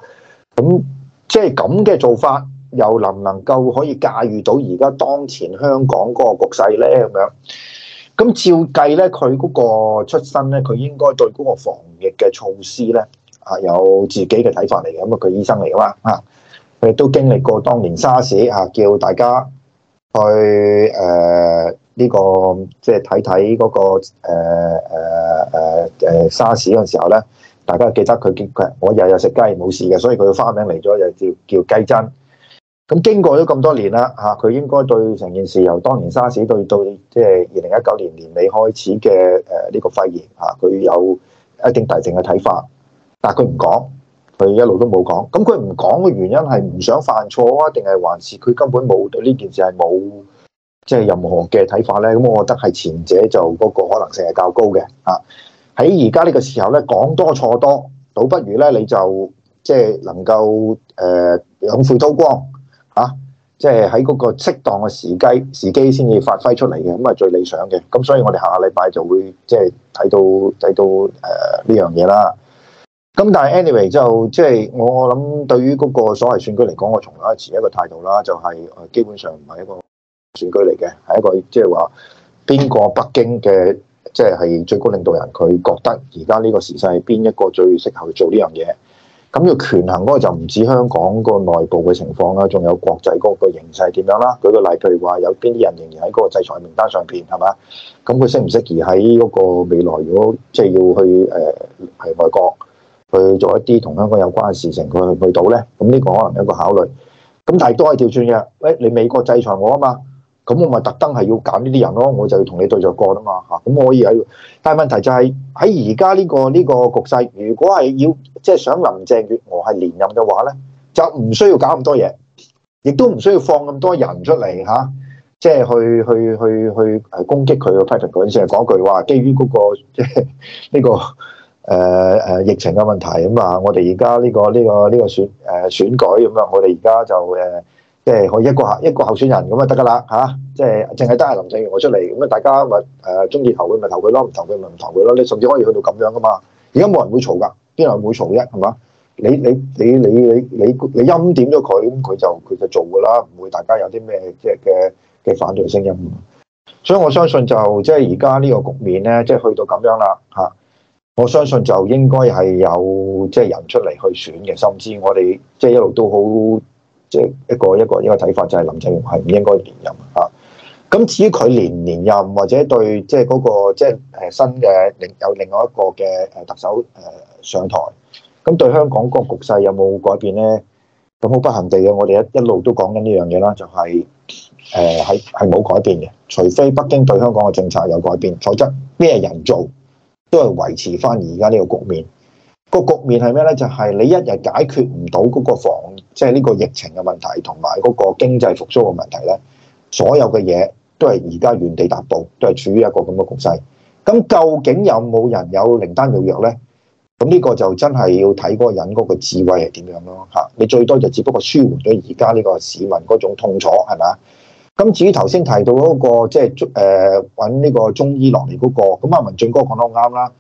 Speaker 2: 咁、啊、即係咁嘅做法，又能唔能夠可以駕馭到而家當前香港嗰個局勢咧？咁樣，咁照計咧，佢嗰個出身咧，佢應該對嗰個防疫嘅措施咧啊，有自己嘅睇法嚟嘅，因為佢醫生嚟噶嘛啊。亦都經歷過當年沙士吓，叫大家去誒呢個即係睇睇嗰個誒誒誒誒沙士嗰陣時候咧，大家記得佢佢我日日食雞冇事嘅，所以佢花名嚟咗就叫叫雞珍。咁經過咗咁多年啦，嚇、啊、佢應該對成件事由當年沙士對到即係二零一九年年尾開始嘅誒呢個肺炎嚇，佢、啊、有一定大成嘅睇法，但係佢唔講。佢一路都冇講，咁佢唔講嘅原因係唔想犯錯啊？定係還是佢根本冇對呢件事係冇即係任何嘅睇法咧？咁我覺得係前者就嗰個可能性係較高嘅啊！喺而家呢個時候咧，講多錯多，倒不如咧你就即係能夠誒養晦韜光嚇，即係喺嗰個適當嘅時機時機先至發揮出嚟嘅，咁啊最理想嘅。咁所以我哋下個禮拜就會即係睇到睇到誒呢樣嘢啦。咁但係，anyway 就即係、就是、我我諗，對於嗰個所謂選舉嚟講，我從來持一個態度啦，就係、是、基本上唔係一個選舉嚟嘅，係一個即係話邊個北京嘅即係係最高領導人佢覺得而家呢個時勢邊一個最適合去做呢樣嘢。咁要權衡嗰個就唔止香港個內部嘅情況啦，仲有國際嗰個形勢點樣啦。舉個例，譬如話有邊啲人仍然喺嗰個制裁名單上邊，係咪？咁佢適唔適宜喺嗰個未來如果即係要去誒係、呃、外國？去做一啲同香港有關嘅事情，佢去唔去到咧？咁呢個可能一個考慮。咁但係都係調轉嘅。喂，你美國制裁我啊嘛？咁我咪特登係要揀呢啲人咯，我就要同你對著幹啊嘛嚇。咁我可以喺，但係問題就係喺而家呢個呢、呢個局勢，如果係要即係、就是、想林鄭月娥係連任嘅話咧，就唔需要搞咁多嘢，亦都唔需要放咁多人出嚟嚇，即、啊、係、就是、去去去去誒攻擊佢嘅。Patrick 嗰陣時講句話，基於嗰個即係呢個。就是這個誒誒、呃啊、疫情嘅問題咁啊、嗯！我哋而家呢個呢、呢個呢、呢個選誒、呃、選舉咁樣、嗯，我哋而家就誒、呃，即係可以一個候一個候選人咁啊得㗎啦嚇！即係淨係得係林鄭月娥出嚟咁啊，大家咪誒中意投佢咪投佢咯，唔投佢咪唔投佢咯。你甚至可以去到咁樣㗎嘛！而家冇人會嘈㗎，邊有人會嘈一係嘛？你你你你你你你陰點咗佢，咁佢就佢就做㗎啦，唔會大家有啲咩即係嘅嘅反對聲音。所以我相信就即係而家呢個局面咧，即係去到咁樣啦嚇。我相信就應該係有即係人出嚟去選嘅，甚至我哋即係一路都好，即係一個一個一個睇法，就係林鄭月娥係唔應該連任啊。咁至於佢連唔連任，或者對即係嗰個即係誒新嘅有另外一個嘅誒特首誒上台，咁對香港嗰個局勢有冇改變咧？咁好不幸地嘅，我哋一一路都講緊呢樣嘢啦，就係誒係係冇改變嘅，除非北京對香港嘅政策有改變，否則咩人做，都係維持翻而家呢個局面，個局面係咩呢？就係、是、你一日解決唔到嗰個防，即係呢個疫情嘅問題同埋嗰個經濟復甦嘅問題呢，所有嘅嘢都係而家原地踏步，都係處於一個咁嘅局勢。咁究竟有冇人有靈丹妙藥呢？咁呢個就真係要睇嗰個人嗰個智慧係點樣咯嚇。你最多就只不過舒緩咗而家呢個市民嗰種痛楚，係咪啊？咁至於頭先提到嗰、那個即係中誒揾呢個中醫落嚟嗰個，咁阿文進哥講得好啱啦。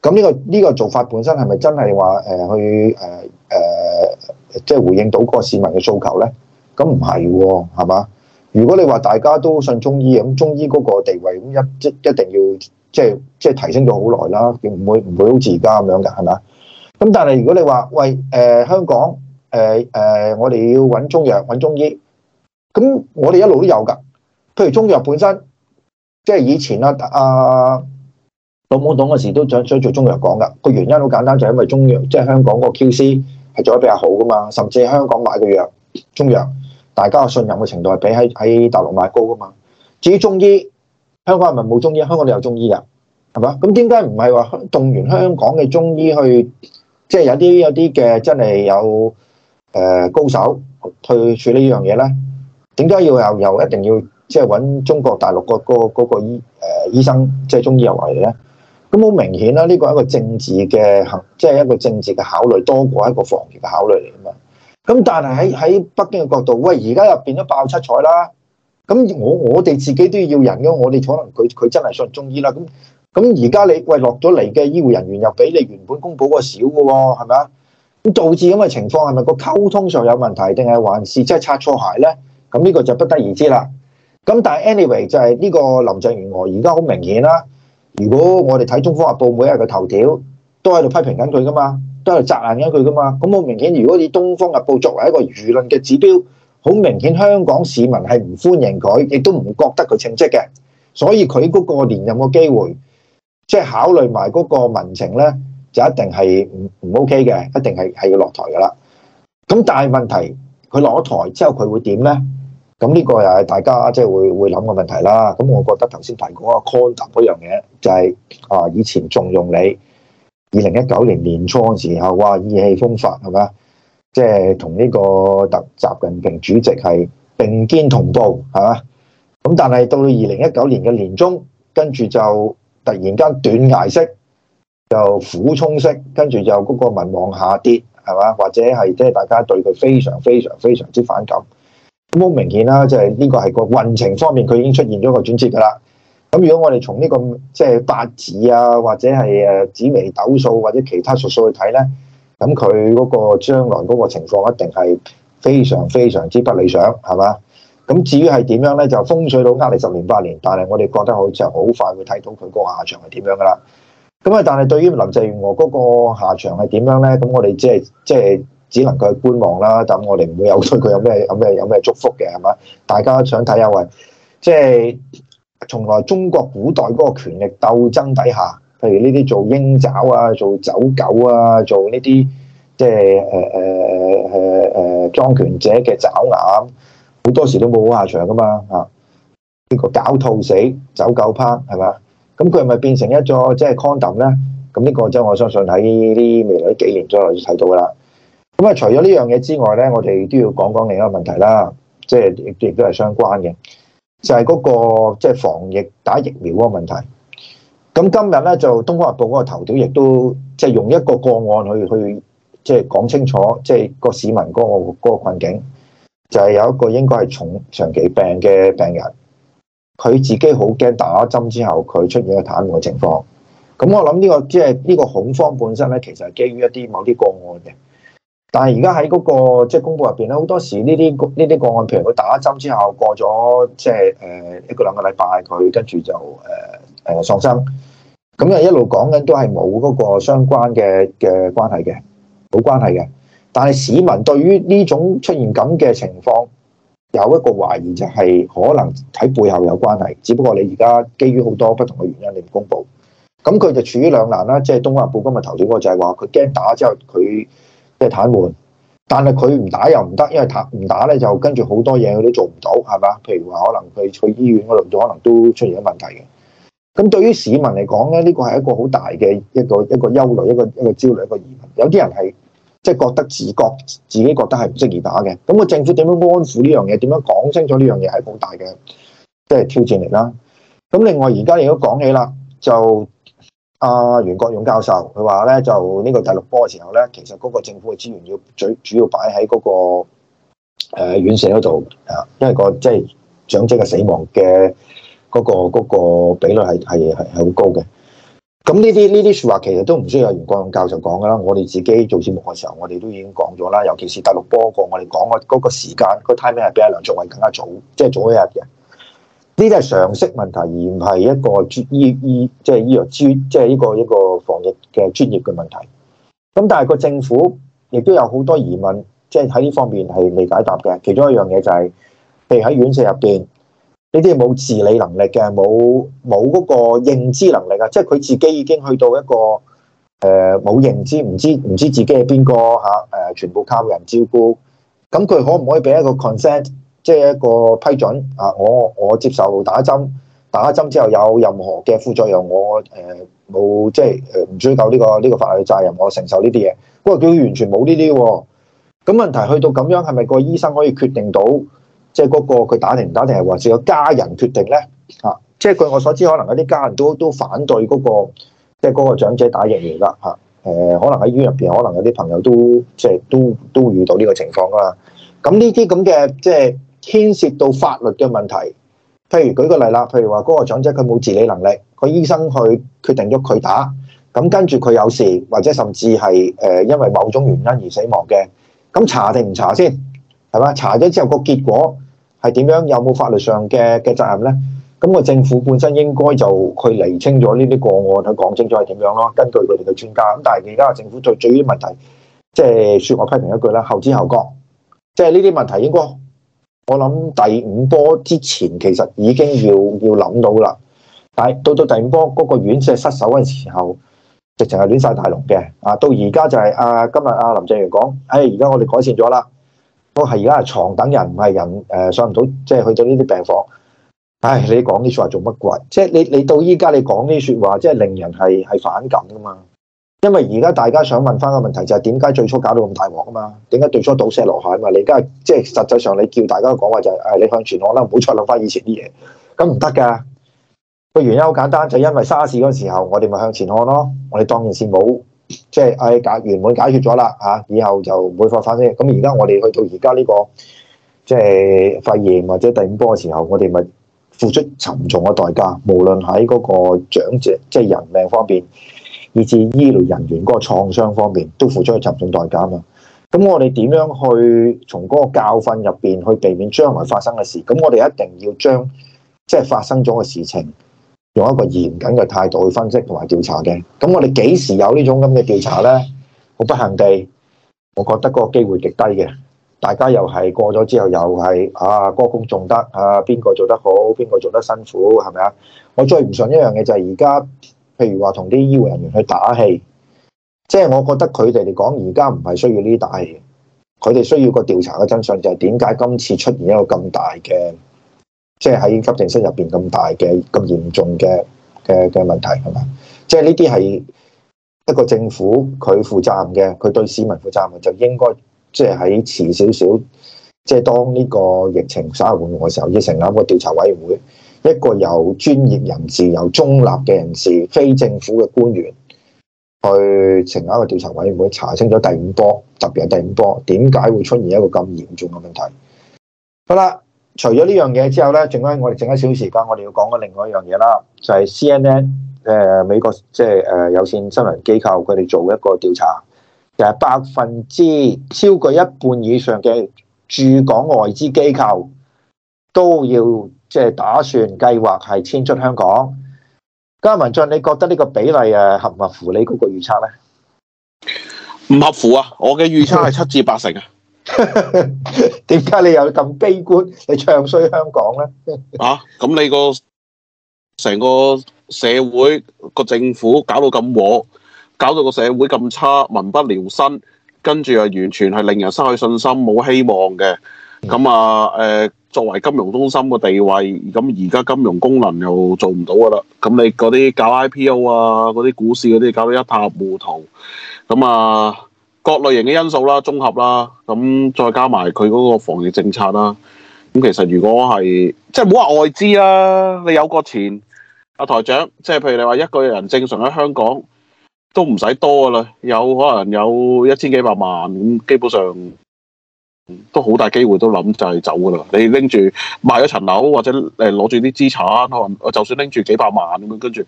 Speaker 2: 咁呢、這個呢、這個做法本身係咪真係話誒去誒誒即係回應到個市民嘅訴求咧？咁唔係喎，係嘛？如果你話大家都信中醫，咁中醫嗰個地位咁一即一定要即係即係提升咗好耐啦，並唔會唔會好似而家咁樣㗎，係咪啊？咁但係如果你話喂誒、呃、香港誒誒、呃呃呃、我哋要揾中藥揾中醫。咁我哋一路都有噶，譬如中藥本身，即係以前啊啊老懵董嗰時都想想做中藥港噶。個原因好簡單，就是、因為中藥即係、就是、香港個 QC 係做得比較好噶嘛。甚至香港買嘅藥中藥，大家信任嘅程度係比喺喺大陸買高噶嘛。至於中醫，香港係咪冇中醫？香港都有中醫噶，係嘛？咁點解唔係話香動員香港嘅中醫去，即、就、係、是、有啲有啲嘅真係有誒、呃、高手去處理呢樣嘢咧？點解要又又一定要即係揾中國大陸個個嗰個醫誒醫生即係、就是、中醫入嚟咧？咁好明顯啦、啊，呢個係一個政治嘅行，即、就、係、是、一個政治嘅考慮多過一個防疫嘅考慮嚟㗎嘛。咁但係喺喺北京嘅角度，喂而家又變咗爆七彩啦。咁我我哋自己都要人㗎，我哋可能佢佢真係信中醫啦。咁咁而家你喂落咗嚟嘅醫護人員又比你原本公佈個少嘅喎，係咪啊？咁導致咁嘅情況係咪個溝通上有問題，定係還是即係擦錯鞋咧？咁呢個就不得而知啦。咁但係 anyway 就係呢個林鄭月娥而家好明顯啦。如果我哋睇《東方日報》每日嘅頭條，都喺度批評緊佢噶嘛，都喺度責難緊佢噶嘛。咁好明顯，如果以《東方日報》作為一個輿論嘅指標，好明顯香港市民係唔歡迎佢，亦都唔覺得佢稱職嘅。所以佢嗰個連任嘅機會，即係考慮埋嗰個民情咧，就一定係唔唔 OK 嘅，一定係係要落台噶啦。咁但係問題，佢落咗台之後，佢會點咧？咁呢個又係大家即係會會諗嘅問題啦。咁我覺得頭先提過阿康達嗰樣嘢、就是，就係啊以前重用你，二零一九年年初嘅時候，話意氣風發係嘛，即係同呢個特習近平主席係並肩同步係嘛。咁但係到二零一九年嘅年中，跟住就突然間斷崖式，就苦衝式，跟住就嗰個民望下跌係嘛，或者係即係大家對佢非常非常非常之反感。好明顯啦，就係、是、呢個係個運程方面，佢已經出現咗個轉折噶啦。咁如果我哋從呢、這個即係、就是、八字啊，或者係誒紫微斗數或者其他術數去睇咧，咁佢嗰個將來嗰個情況一定係非常非常之不理想，係嘛？咁至於係點樣咧？就風水佬呃你十年八年，但係我哋覺得好似好快會睇到佢嗰個下場係點樣噶啦。咁啊，但係對於林鄭月娥嗰個下場係點樣咧？咁我哋即係即係。就是只能夠去觀望啦。等我哋唔會對有對佢有咩有咩有咩祝福嘅係嘛？大家想睇下雲，即係、就是、從來中國古代嗰個權力鬥爭底下，譬如呢啲做鷹爪啊、做走狗啊、做呢啲即係誒誒誒誒誒當權者嘅爪牙，好多時都冇好下場㗎嘛。啊，呢、這個狡兔死，走狗烹係嘛？咁佢係咪變成一座即係 condom 咧？咁、就是、呢個即係我相信喺呢啲未來幾年再嚟睇到㗎啦。咁啊，除咗呢樣嘢之外咧，我哋都要講講另一個問題啦，即係亦都係相關嘅，就係嗰個即係防疫打疫苗嘅問題。咁今日咧就《東方日報》嗰個頭條，亦都即係用一個個案去去即係講清楚，即係個市民嗰個嗰個困境，就係有一個應該係重長期病嘅病人，佢自己好驚打針之後佢出現嘅癱瘓嘅情況。咁我諗呢個即係呢個恐慌本身咧，其實係基於一啲某啲個案嘅。但係而家喺嗰個即係、就是、公佈入邊咧，好多時呢啲呢啲個案譬如佢打針之後過咗即係誒一個兩個禮拜，佢跟住就誒誒、呃呃、喪生，咁又一路講緊都係冇嗰個相關嘅嘅關係嘅，冇關係嘅。但係市民對於呢種出現咁嘅情況有一個懷疑，就係可能喺背後有關係，只不過你而家基於好多不同嘅原因你唔公佈，咁佢就處於兩難啦。即係《東方日報》今日頭條嗰個就係話佢驚打之後佢。即係癱瘓，但係佢唔打又唔得，因為癱唔打咧，就跟住好多嘢佢都做唔到，係嘛？譬如話可能佢去醫院嗰度，就可能都出現咗問題嘅。咁對於市民嚟講咧，呢個係一個好大嘅一個一個憂慮，一個一個焦慮，一個疑問。有啲人係即係覺得自覺自己覺得係唔適宜打嘅。咁個政府點樣安撫呢樣嘢？點樣講清楚呢樣嘢？係好大嘅，即係挑戰嚟啦。咁另外而家亦都講起啦，就。阿、啊、袁國勇教授佢話咧，就呢個第六波嘅時候咧，其實嗰個政府嘅資源要最主要擺喺嗰個誒、呃、院舍嗰度啊，因為、那個即係、就是、長者嘅死亡嘅嗰、那個那個比率係係係係好高嘅。咁呢啲呢啲説話其實都唔需要阿袁國勇教授講噶啦，我哋自己做節目嘅時候，我哋都已經講咗啦。尤其是第六波個我哋講個嗰個時間，那個 timing 係比阿梁卓偉更加早，即、就、係、是、早一日嘅。呢啲係常識問題，而唔係一個醫醫即係醫藥專，即係呢個一個，一個防疫嘅專業嘅問題。咁但係個政府亦都有好多疑問，即係喺呢方面係未解答嘅。其中一樣嘢就係、是，譬如喺院舍入邊，呢啲冇自理能力嘅，冇冇嗰個認知能力啊，即係佢自己已經去到一個誒冇、呃、認知，唔知唔知自己係邊個嚇誒，全部靠人照顧。咁佢可唔可以俾一個 consent？即係一個批准啊！我我接受打針，打針之後有任何嘅副作用，我誒冇、呃、即係誒唔追究呢、這個呢、這個法律責任，我承受呢啲嘢。不過佢完全冇呢啲喎。咁問題去到咁樣，係咪個醫生可以決定到即係嗰個佢打定唔打定，係還是有家人決定咧？嚇、啊！即係據我所知，可能有啲家人都都反對嗰、那個，即係嗰個長者打疫苗啦。嚇、啊！誒、啊，可能喺醫院入邊，可能有啲朋友都即係都都，都遇到呢個情況啦、啊。咁呢啲咁嘅即係。牽涉到法律嘅問題，譬如舉個例啦，譬如話嗰個長者佢冇自理能力，個醫生去決定咗佢打，咁跟住佢有事，或者甚至係誒因為某種原因而死亡嘅，咁查定唔查先，係嘛？查咗之後個結果係點樣？有冇法律上嘅嘅責任咧？咁個政府本身應該就去釐清咗呢啲個案，去講清楚係點樣咯？根據佢哋嘅專家，咁但係而家個政府在對於問題，即係恕我批評一句啦，後知後覺，即係呢啲問題應該。我諗第五波之前其實已經要要諗到啦，但係到到第五波嗰個院舍失守嘅時候，直情係亂晒大龍嘅啊！到而家就係、是、啊，今日啊林鄭月娥講，唉、哎，而家我哋改善咗啦，我係而家係床等人，唔係人誒、呃、上唔到，即、就、係、是、去到呢啲病房。唉、哎，你講啲說話做乜鬼？即、就、係、是、你你到依家你講啲說話，即、就、係、是、令人係係反感噶嘛。因為而家大家想問翻個問題就係，點解最初搞到咁大鑊啊嘛？點解最初倒瀉落海啊嘛？你而家即係實際上你叫大家講話就係誒，你向前看啦，唔好再諗翻以前啲嘢。咁唔得噶個原因好簡單，就因為沙士嗰時候我哋咪向前看咯，我哋當然事冇即係誒解圓滿解決咗啦吓，以後就唔會發翻啲嘢。咁而家我哋去到而家呢個即係肺炎或者第五波嘅時候，我哋咪付出沉重嘅代價，無論喺嗰個長者即係人命方面。以至醫療人員嗰個創傷方面都付出咗沉重代價啊！咁我哋點樣去從嗰個教訓入邊去避免將來發生嘅事？咁我哋一定要將即係發生咗嘅事情用一個嚴謹嘅態度去分析同埋調查嘅。咁我哋幾時有呢種咁嘅調查呢？好不幸地，我覺得嗰個機會極低嘅。大家又係過咗之後又係啊，歌功頌德啊，邊個做得好，邊個做得辛苦，係咪啊？我最唔信一樣嘢就係而家。譬如話同啲醫護人員去打氣，即係我覺得佢哋嚟講而家唔係需要呢啲打氣，佢哋需要個調查嘅真相就係點解今次出現一個咁大嘅，即係喺急症室入邊咁大嘅咁嚴重嘅嘅嘅問題係咪？即係呢啲係一個政府佢負責任嘅，佢對市民負責任就應該即係喺遲少少，即係當呢個疫情稍緩嘅時候，要成立一個調查委員會。一個有專業人士、有中立嘅人士、非政府嘅官員去成立一個調查委員會，查清楚第五波，特別係第五波點解會出現一個咁嚴重嘅問題。好啦，除咗呢樣嘢之後咧，剩低我哋剩一少時間，我哋要講嘅另外一樣嘢啦，就係、是、CNN 誒、呃、美國即係誒有線新聞機構佢哋做一個調查，就係、是、百分之超過一半以上嘅駐港外資機構都要。即係打算計劃係遷出香港，家文進，你覺得呢個比例誒合唔合乎你嗰個預測咧？
Speaker 1: 唔合乎啊！我嘅預測係七至八成啊！
Speaker 2: 點解你又咁悲觀？你唱衰香港咧？
Speaker 1: 啊！咁你個成個社會個政府搞到咁和，搞到個社會咁差，民不聊生，跟住又完全係令人失去信心、冇希望嘅。咁啊誒。呃作為金融中心嘅地位，咁而家金融功能又做唔到㗎喇，咁你嗰啲搞 IPO 啊，嗰啲股市嗰啲搞到一塌糊塗，咁啊各類型嘅因素啦，綜合啦，咁再加埋佢嗰個防疫政策啦，咁其實如果係即係唔好話外資啊，你有個錢，阿、啊、台長，即係譬如你話一個人正常喺香港都唔使多㗎喇，有可能有一千幾百萬咁，基本上。都好大機會都諗就係走噶啦，你拎住賣咗層樓或者誒攞住啲資產，可能就算拎住幾百萬咁樣跟住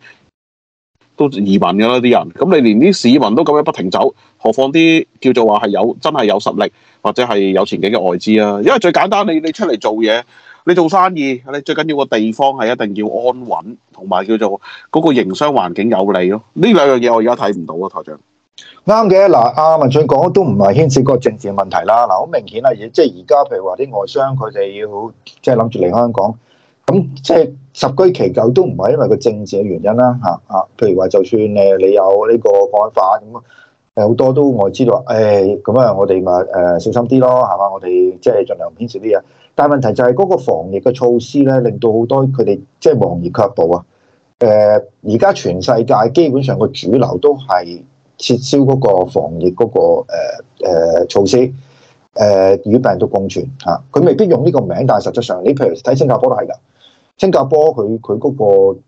Speaker 1: 都移民噶啦啲人，咁你連啲市民都咁樣不停走，何況啲叫做話係有真係有實力或者係有前景嘅外資啊？因為最簡單，你你出嚟做嘢，你做生意，你最緊要個地方係一定要安穩，同埋叫做嗰個營商環境有利咯。呢兩樣嘢我而家睇唔到啊，台長。
Speaker 2: 啱嘅嗱，阿文進講都唔係牽涉嗰個政治嘅問題啦。嗱，好明顯啦，即係而家譬如話啲外商佢哋要即係諗住嚟香港，咁即係十居其九都唔係因為個政治嘅原因啦。吓吓，譬如話就算誒你有呢個國安法咁，有好多都我知道誒咁啊，我哋咪誒小心啲咯，係嘛，我哋即係盡量唔牽涉啲嘢。但係問題就係嗰個防疫嘅措施咧，令到好多佢哋即係望而卻步啊。誒、呃，而家全世界基本上個主流都係。撤銷嗰個防疫嗰、那個誒、呃呃、措施，誒、呃、與病毒共存嚇，佢、啊、未必用呢個名，但係實質上你譬如睇新加坡都係㗎，新加坡佢佢嗰個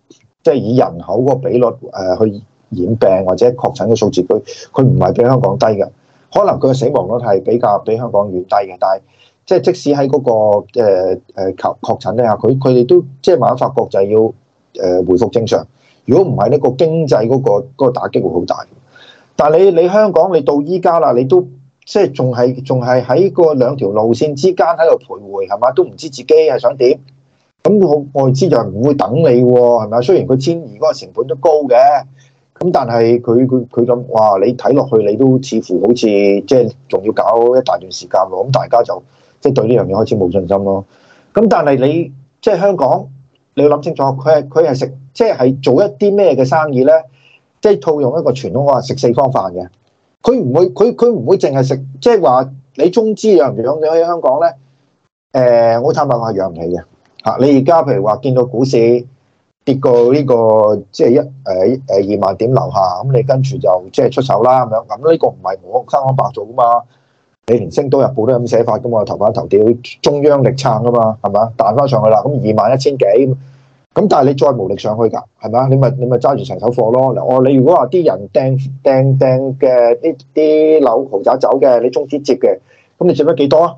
Speaker 2: 即係以人口嗰個比率誒去染病或者確診嘅數字，佢佢唔係比香港低㗎，可能佢嘅死亡率係比較比香港遠低嘅，但係即係即使喺嗰個誒誒、呃呃、確診咧下，佢佢哋都即係慢慢發覺就係要誒、呃、回復正常，如果唔係呢個經濟嗰、那個那個打擊會好大。但係你你香港你到依家啦，你都即係仲係仲係喺個兩條路線之間喺度徘徊係嘛？都唔知自己係想點，咁我外資就唔會等你喎，係嘛？雖然佢遷移嗰個成本都高嘅，咁但係佢佢佢咁哇，你睇落去你都似乎好似即係仲要搞一大段時間咯。咁大家就即係對呢樣嘢開始冇信心咯。咁但係你即係香港，你要諗清楚，佢係佢係食即係做一啲咩嘅生意咧？即係套用一個傳統，我話食四方飯嘅，佢唔會佢佢唔會淨係食，即係話你中資養唔養你喺香港咧？誒、呃，我坦白話養唔起嘅嚇。你而家譬如話見到股市跌過呢、這個即係、就是、一誒誒二萬點樓下，咁你跟住就即係出手啦咁樣。咁呢個唔係我生安白做噶嘛？你連《星島日報》都咁寫法噶嘛？頭版頭條中央力撐噶嘛？係咪啊？彈翻上去啦，咁二萬一千幾。咁但係你再無力上去㗎，係咪啊？你咪你咪揸住成手貨咯。嗱、哦，我你如果話啲人掟掟掟嘅啲啲樓豪宅走嘅，你中止接嘅，咁你接咗幾多啊？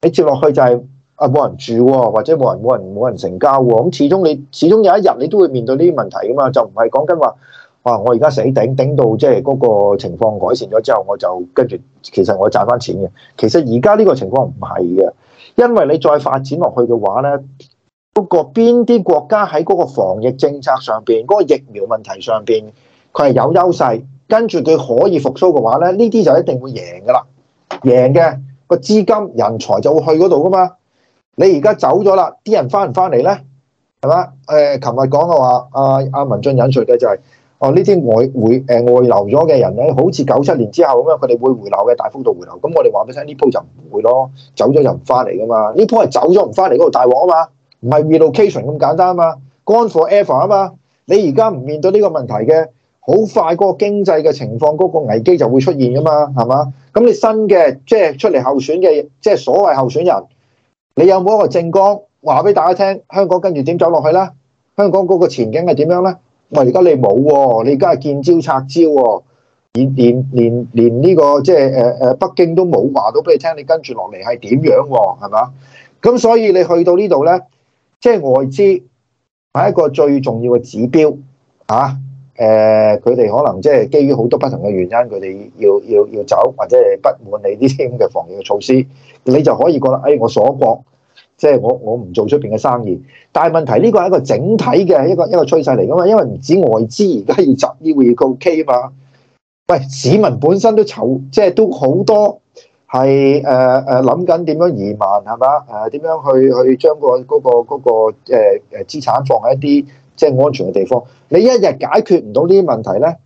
Speaker 2: 你接落去就係、是、啊冇人住喎，或者冇人冇人冇人成交喎。咁、嗯、始終你始終有一日你都會面對呢啲問題㗎嘛。就唔係講緊話哇，我而家死頂頂到即係嗰個情況改善咗之後，我就跟住其實我賺翻錢嘅。其實而家呢個情況唔係嘅，因為你再發展落去嘅話咧。不過邊啲國家喺嗰個防疫政策上邊，嗰、那個疫苗問題上邊，佢係有優勢，跟住佢可以復甦嘅話咧，呢啲就一定會贏噶啦。贏嘅個資金、人才就會去嗰度噶嘛。你而家走咗啦，啲人翻唔翻嚟咧？係嘛？誒，琴日講嘅話，阿、啊、阿文進引述嘅就係、是、哦，呢啲外匯誒外流咗嘅人咧，好似九七年之後咁樣，佢哋會回流嘅，大幅度回流。咁我哋話俾你聽，呢鋪就唔會咯，走咗就唔翻嚟噶嘛。呢鋪係走咗唔翻嚟嗰度大鑊啊嘛。唔係 relocation 咁簡單啊嘛，gone forever 啊嘛，你而家唔面對呢個問題嘅，好快嗰個經濟嘅情況嗰個危機就會出現噶嘛，係嘛？咁你新嘅即係出嚟候選嘅，即係所謂候選人，你有冇一個政綱話俾大家聽，香港跟住點走落去啦？香港嗰個前景係點樣咧？喂，而家你冇喎，你而家係見招拆招喎，連連連呢個即係誒誒北京都冇話到俾你聽，你跟住落嚟係點樣喎？係嘛？咁所以你去到呢度咧。即係外資係一個最重要嘅指標嚇，誒佢哋可能即係基於好多不同嘅原因，佢哋要要要走或者係不滿你啲咁嘅防疫措施，你就可以覺得誒、哎、我鎖國，即係我我唔做出邊嘅生意。但係問題呢個係一個整體嘅一個一個趨勢嚟㗎嘛，因為唔止外資而家要集資要告、OK、K 嘛。喂，市民本身都醜，即係都好多。係誒誒，諗緊點樣移民係嘛？誒點樣去去將個嗰個嗰個誒誒資產放喺一啲即係安全嘅地方？你一日解決唔到呢啲問題咧，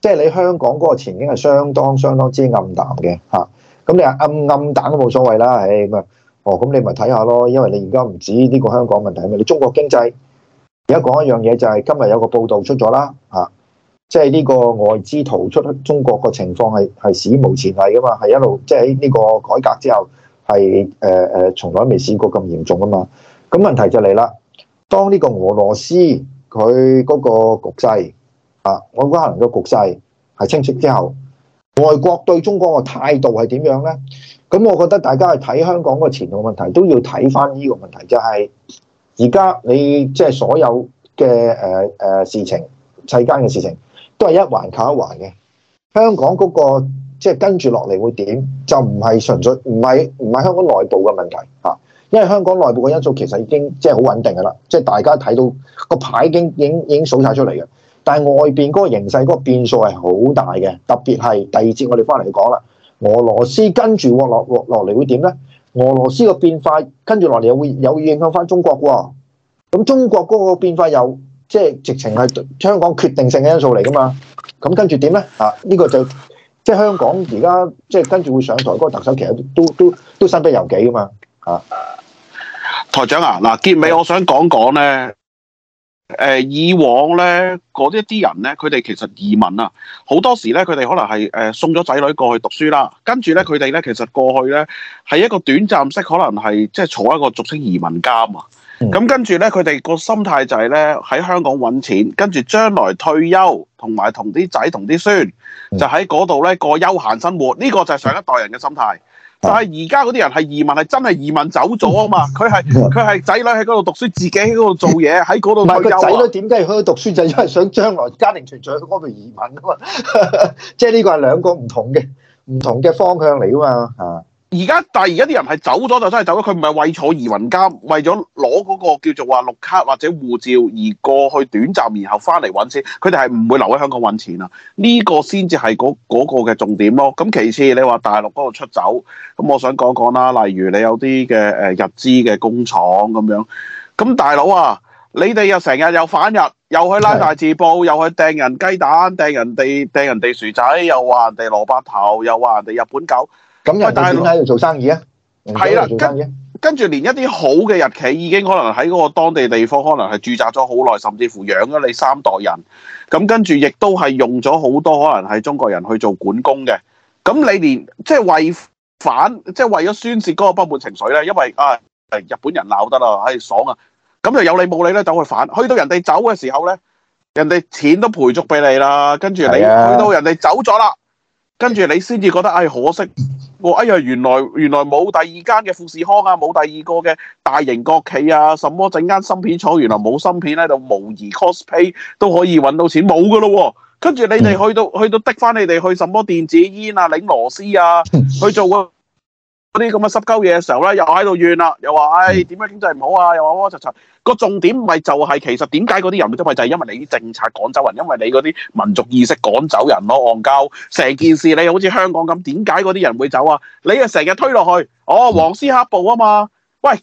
Speaker 2: 即係你香港嗰個前景係相當相當之暗淡嘅嚇。咁你話暗暗淡都冇所謂啦，唉咁啊，哦咁你咪睇下咯，因為你而家唔止呢個香港問題啊嘛，你中國經濟而家講一樣嘢就係今日有個報道出咗啦嚇。啊即係呢個外資逃出中國嘅情況係係史無前例噶嘛，係一路即係呢個改革之後係誒誒從來未試過咁嚴重噶嘛。咁問題就嚟啦，當呢個俄羅斯佢嗰個局勢啊，烏克蘭個局勢係清晰之後，外國對中國嘅態度係點樣呢？咁我覺得大家去睇香港個前途問題，都要睇翻呢個問題，就係而家你即係、就是、所有嘅誒誒事情，世間嘅事情。都係一環靠一環嘅，香港嗰個即係跟住落嚟會點？就唔係純粹唔係唔係香港內部嘅問題嚇，因為香港內部嘅因素其實已經即係好穩定噶啦，即係大家睇到個牌已經已經數晒出嚟嘅。但係外邊嗰個形勢嗰個變數係好大嘅，特別係第二節我哋翻嚟去講啦。俄羅斯跟住落落落嚟會點呢？俄羅斯嘅變化跟住落嚟有會有影響翻中國喎？咁中國嗰個變化又……即係直情係香港決定性嘅因素嚟噶嘛？咁跟住點咧？啊，呢個就即係香港而家即係跟住會上台嗰個特首，其實都都都身不由己噶嘛？
Speaker 1: 啊，台長啊，嗱結尾我想講講咧，誒、呃、以往咧嗰一啲人咧，佢哋其實移民啊，好多時咧佢哋可能係誒送咗仔女過去讀書啦、啊，跟住咧佢哋咧其實過去咧係一個短暫式，可能係即係坐喺一個俗稱移民監啊。咁、嗯、跟住咧，佢哋個心態就係咧喺香港揾錢，跟住將來退休同埋同啲仔同啲孫就喺嗰度咧過休閒生活。呢、這個就係上一代人嘅心態。但係而家嗰啲人係移民，係真係移民走咗啊嘛！佢係佢係仔女喺嗰度讀書，自己喺嗰度做嘢，喺嗰度退休啊！唔係個仔女
Speaker 2: 點解要喺度讀書？就係因為想將來家庭團聚去嗰邊移民啊嘛。即係呢個係兩個唔同嘅唔同嘅方向嚟啊嘛
Speaker 1: 嚇。而家，但係而家啲人係走咗就真係走咗，佢唔係為坐移民監，為咗攞嗰個叫做話綠卡或者護照而過去短暫，然後翻嚟揾錢。佢哋係唔會留喺香港揾錢啊！呢個先至係嗰個嘅、嗰個、重點咯。咁其次，你話大陸嗰度出走，咁我想講講啦。例如你有啲嘅誒日資嘅工廠咁樣，咁大佬啊，你哋又成日又反日，又去拉大字報，又去掟人雞蛋，掟人哋掟人哋薯仔，又話人哋蘿蔔頭，又話人哋日本狗。咁又點喺度做生意啊？係啦是，做跟住連一啲好嘅日企已經可能喺嗰個當地地方，可能係駐紮咗好耐，甚至乎養咗你三代人。咁跟住亦都係用咗好多可能係中國人去做管工嘅。咁你連即係、就是、為反，即、就、係、是、為咗宣泄嗰個不滿情緒咧，因為啊，誒日本人鬧得啦，唉、哎，爽啊，咁就有理冇理咧走去反，去到人哋走嘅時候咧，人哋錢都賠足俾你啦，跟住你的去到人哋走咗啦，跟住你先至覺得唉，可惜。哎呀，原來原來冇第二間嘅富士康啊，冇第二個嘅大型國企啊，什麼整間芯片廠，原來冇芯片喺度就模擬 cosplay 都可以揾到錢，冇㗎咯喎。跟住你哋去到、嗯、去到逼返，你哋去什麼電子煙啊、擰螺絲啊，去做啊。嗰啲咁嘅濕鳩嘢嘅時候咧，又喺度怨啦，又話唉點解經濟唔好啊，又話乜乜柒柒。個重點咪就係、是、其實點解嗰啲人會走，就係、是、因為你啲政策趕走人，因為你嗰啲民族意識趕走人咯，戇、嗯、鳩。成件事你好似香港咁，點解嗰啲人會走啊？你又成日推落去，哦，黃絲黑暴啊嘛，喂。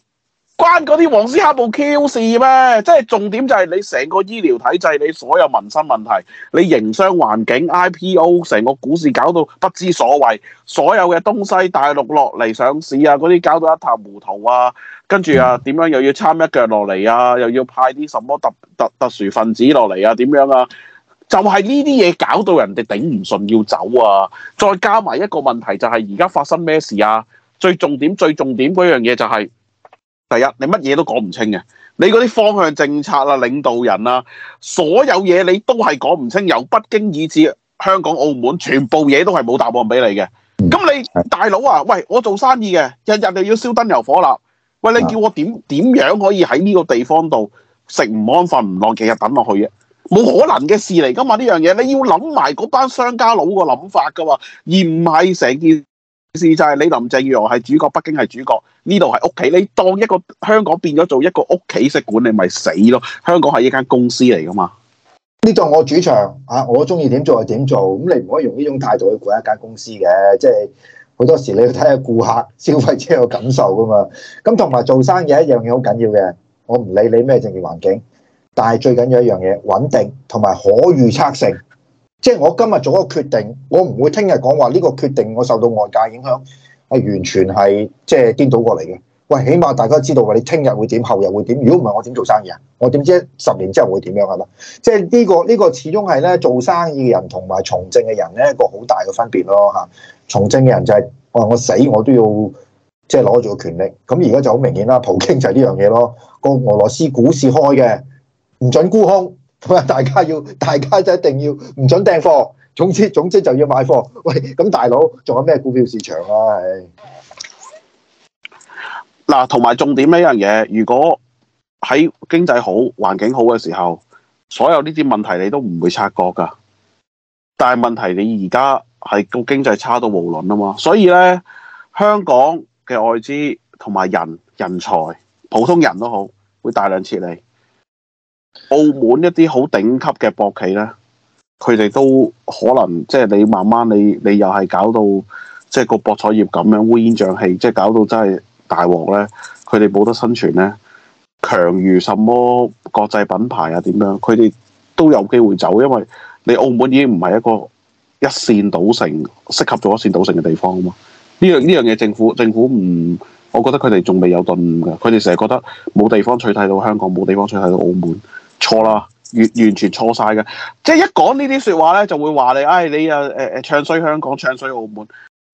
Speaker 1: 關嗰啲黃絲黑暴 Q 事咩？即係重點就係你成個醫療體制，你所有民生問題，你營商環境、IPO，成個股市搞到不知所謂，所有嘅東西大陸落嚟上市啊，嗰啲搞到一塌糊塗啊。跟住啊，點樣又要參一腳落嚟啊？又要派啲什麼特特特殊分子落嚟啊？點樣啊？就係呢啲嘢搞到人哋頂唔順要走啊！再加埋一個問題就係而家發生咩事啊？最重點最重點嗰樣嘢就係、是。第一，你乜嘢都講唔清嘅，你嗰啲方向政策啊、領導人啊，所有嘢你都係講唔清，由北京以至香港、澳門，全部嘢都係冇答案俾你嘅。咁你大佬啊，喂，我做生意嘅，日日就要燒燈油火蠟，喂，你叫我點點樣可以喺呢個地方度食唔安瞓唔浪靜日等落去嘅？冇可能嘅事嚟噶嘛？呢樣嘢你要諗埋嗰班商家佬個諗法噶嘛，而唔係成件。事就係你林鄭月娥係主角，北京係主角，呢度係屋企。你當一個香港變咗做一個屋企式管理，咪死咯！香港係一間公司嚟噶嘛？呢度
Speaker 2: 我主場啊，我中意點做就點做，咁你唔可以用呢種態度去管一間公司嘅。即係好多時你要睇下顧客、消費者個感受噶嘛。咁同埋做生意一樣嘢好緊要嘅，我唔理你咩政治環境，但係最緊要一樣嘢穩定同埋可預測性。即係我今日做一個決定，我唔會聽日講話呢個決定我受到外界影響，係完全係即係顛倒過嚟嘅。喂，起碼大家知道話你聽日會點，後日會點。如果唔係我點做生意啊？我點知十年之後會點樣啊？嘛，即係呢個呢個始終係咧，做生意嘅人同埋從政嘅人咧，一個好大嘅分別咯吓。從政嘅人就係我，哎，我死我都要即係攞住個權力。咁而家就好明顯啦，普京就係呢樣嘢咯。個俄羅斯股市開嘅唔准沽空。大家要，大家就一定要唔准訂貨。總之，總之就要買貨。喂，咁大佬仲有咩股票
Speaker 1: 市場啊？嗱，同埋重點呢樣嘢，如果喺經濟好、環境好嘅時候，所有呢啲問題你都唔會察覺㗎。但係問題你而家係個經濟差到無倫啊嘛，所以呢，香港嘅外資同埋人人才，普通人都好會大量撤離。澳門一啲好頂級嘅博企呢，佢哋都可能即係，你慢慢你你又係搞到即係個博彩業咁樣烏煙瘴氣，即係搞到真係大鑊呢，佢哋冇得生存呢，強如什麼國際品牌啊點樣，佢哋都有機會走，因為你澳門已經唔係一個一線賭城，適合做一線賭城嘅地方啊嘛。呢樣呢樣嘢政府政府唔，我覺得佢哋仲未有頓悟嘅，佢哋成日覺得冇地方取替到香港，冇地方取替到澳門。錯啦，完完全錯晒嘅，即係一講呢啲說話咧，就會話你，唉、哎，你又誒誒唱衰香港，唱衰澳門，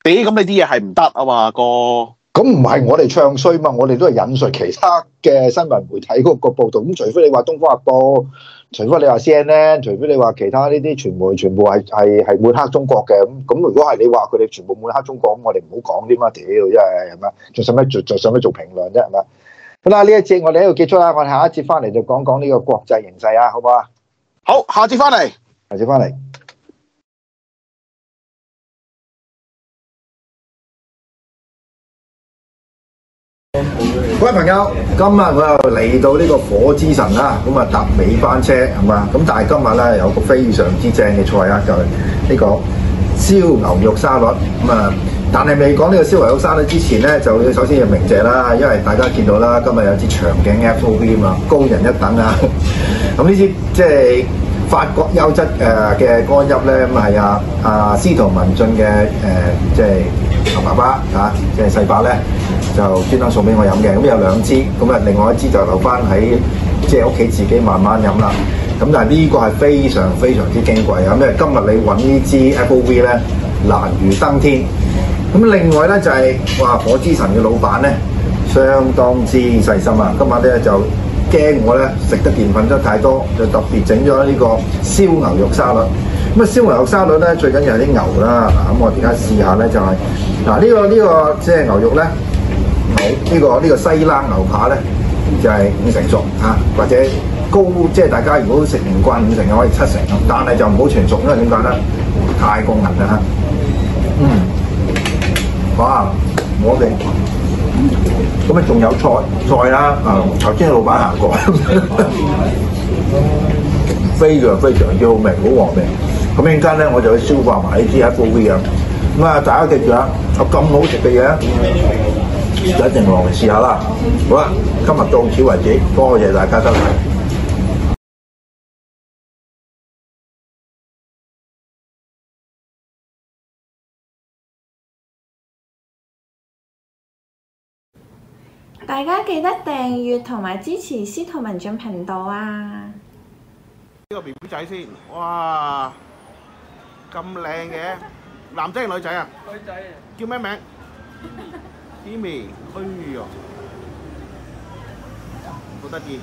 Speaker 1: 屌咁你啲嘢係唔得啊嘛，哥、那個。咁
Speaker 2: 唔係我哋唱衰嘛，我哋都係引述其他嘅新聞媒體嗰個報道。咁除非你話東方日報，除非你話 CNN，除非你話其他呢啲傳媒，全部係係係抹黑中國嘅。咁咁如果係你話佢哋全部抹黑中國，咁我哋唔好講添啊！屌，真係係嘛？做晒咩做做晒咩做評論啫，係嘛？好啦，呢一節我哋喺度結束啦，我哋下一節翻嚟就講講呢個國際形勢啊，好唔好啊？好，下節翻嚟，下節翻嚟，各位朋友，今日我又嚟到呢個火之神啦，咁啊搭尾班車係嘛，咁但係今日咧有個非常之正嘅菜啊，就係呢個燒牛肉沙律咁啊。但係未講呢個燒圍好山之前咧，就首先要鳴謝啦，因為大家見到啦，今日有支長頸 F.O.V. 啊，高人一等啊！咁 呢、嗯、支即係法國優質誒嘅干邑咧，咁、呃、係啊啊，司徒文進嘅誒、呃、即係阿爸爸啊，即係細伯咧，就專登送俾我飲嘅。咁、嗯、有兩支，咁、嗯、啊，另外一支就留翻喺即係屋企自己慢慢飲啦。咁、嗯、但係呢個係非常非常之矜貴啊！因、嗯、為今日你揾呢支 F.O.V. 咧，難如登天。咁另外咧就係哇，火之神嘅老闆咧相當之細心啊！今晚咧就驚我咧食得澱粉質太多，就特別整咗呢個燒牛肉沙律。咁啊，燒牛肉沙律咧最緊要係啲牛啦。咁我而家試下咧就係、是、嗱，呢、這個呢、這個即係牛肉咧，好、這、呢個呢、這個這個西冷牛扒咧就係五成熟嚇，或者高即係、就是、大家如果食唔慣五成，可以七成，但係就唔好全熟，因為點解咧？太過韌啦嚇，嗯。哇！我哋咁啊，仲有菜菜啦，啊！頭先老闆行過，非常非常之好味，好和味。一陣間咧，我就去消化埋 A T F V 啊。咁啊，大家記住啊，有咁好食嘅嘢，一定落嚟試下啦。好啦，今日到
Speaker 1: 此為止，多謝大家收睇。大
Speaker 2: 家記得訂閱同埋支持司徒文進頻道啊！
Speaker 1: 呢個 BB 仔先，哇，咁靚嘅，男仔係女仔啊？女仔啊！叫咩名？Timmy，Timmy，哎呀，好得意！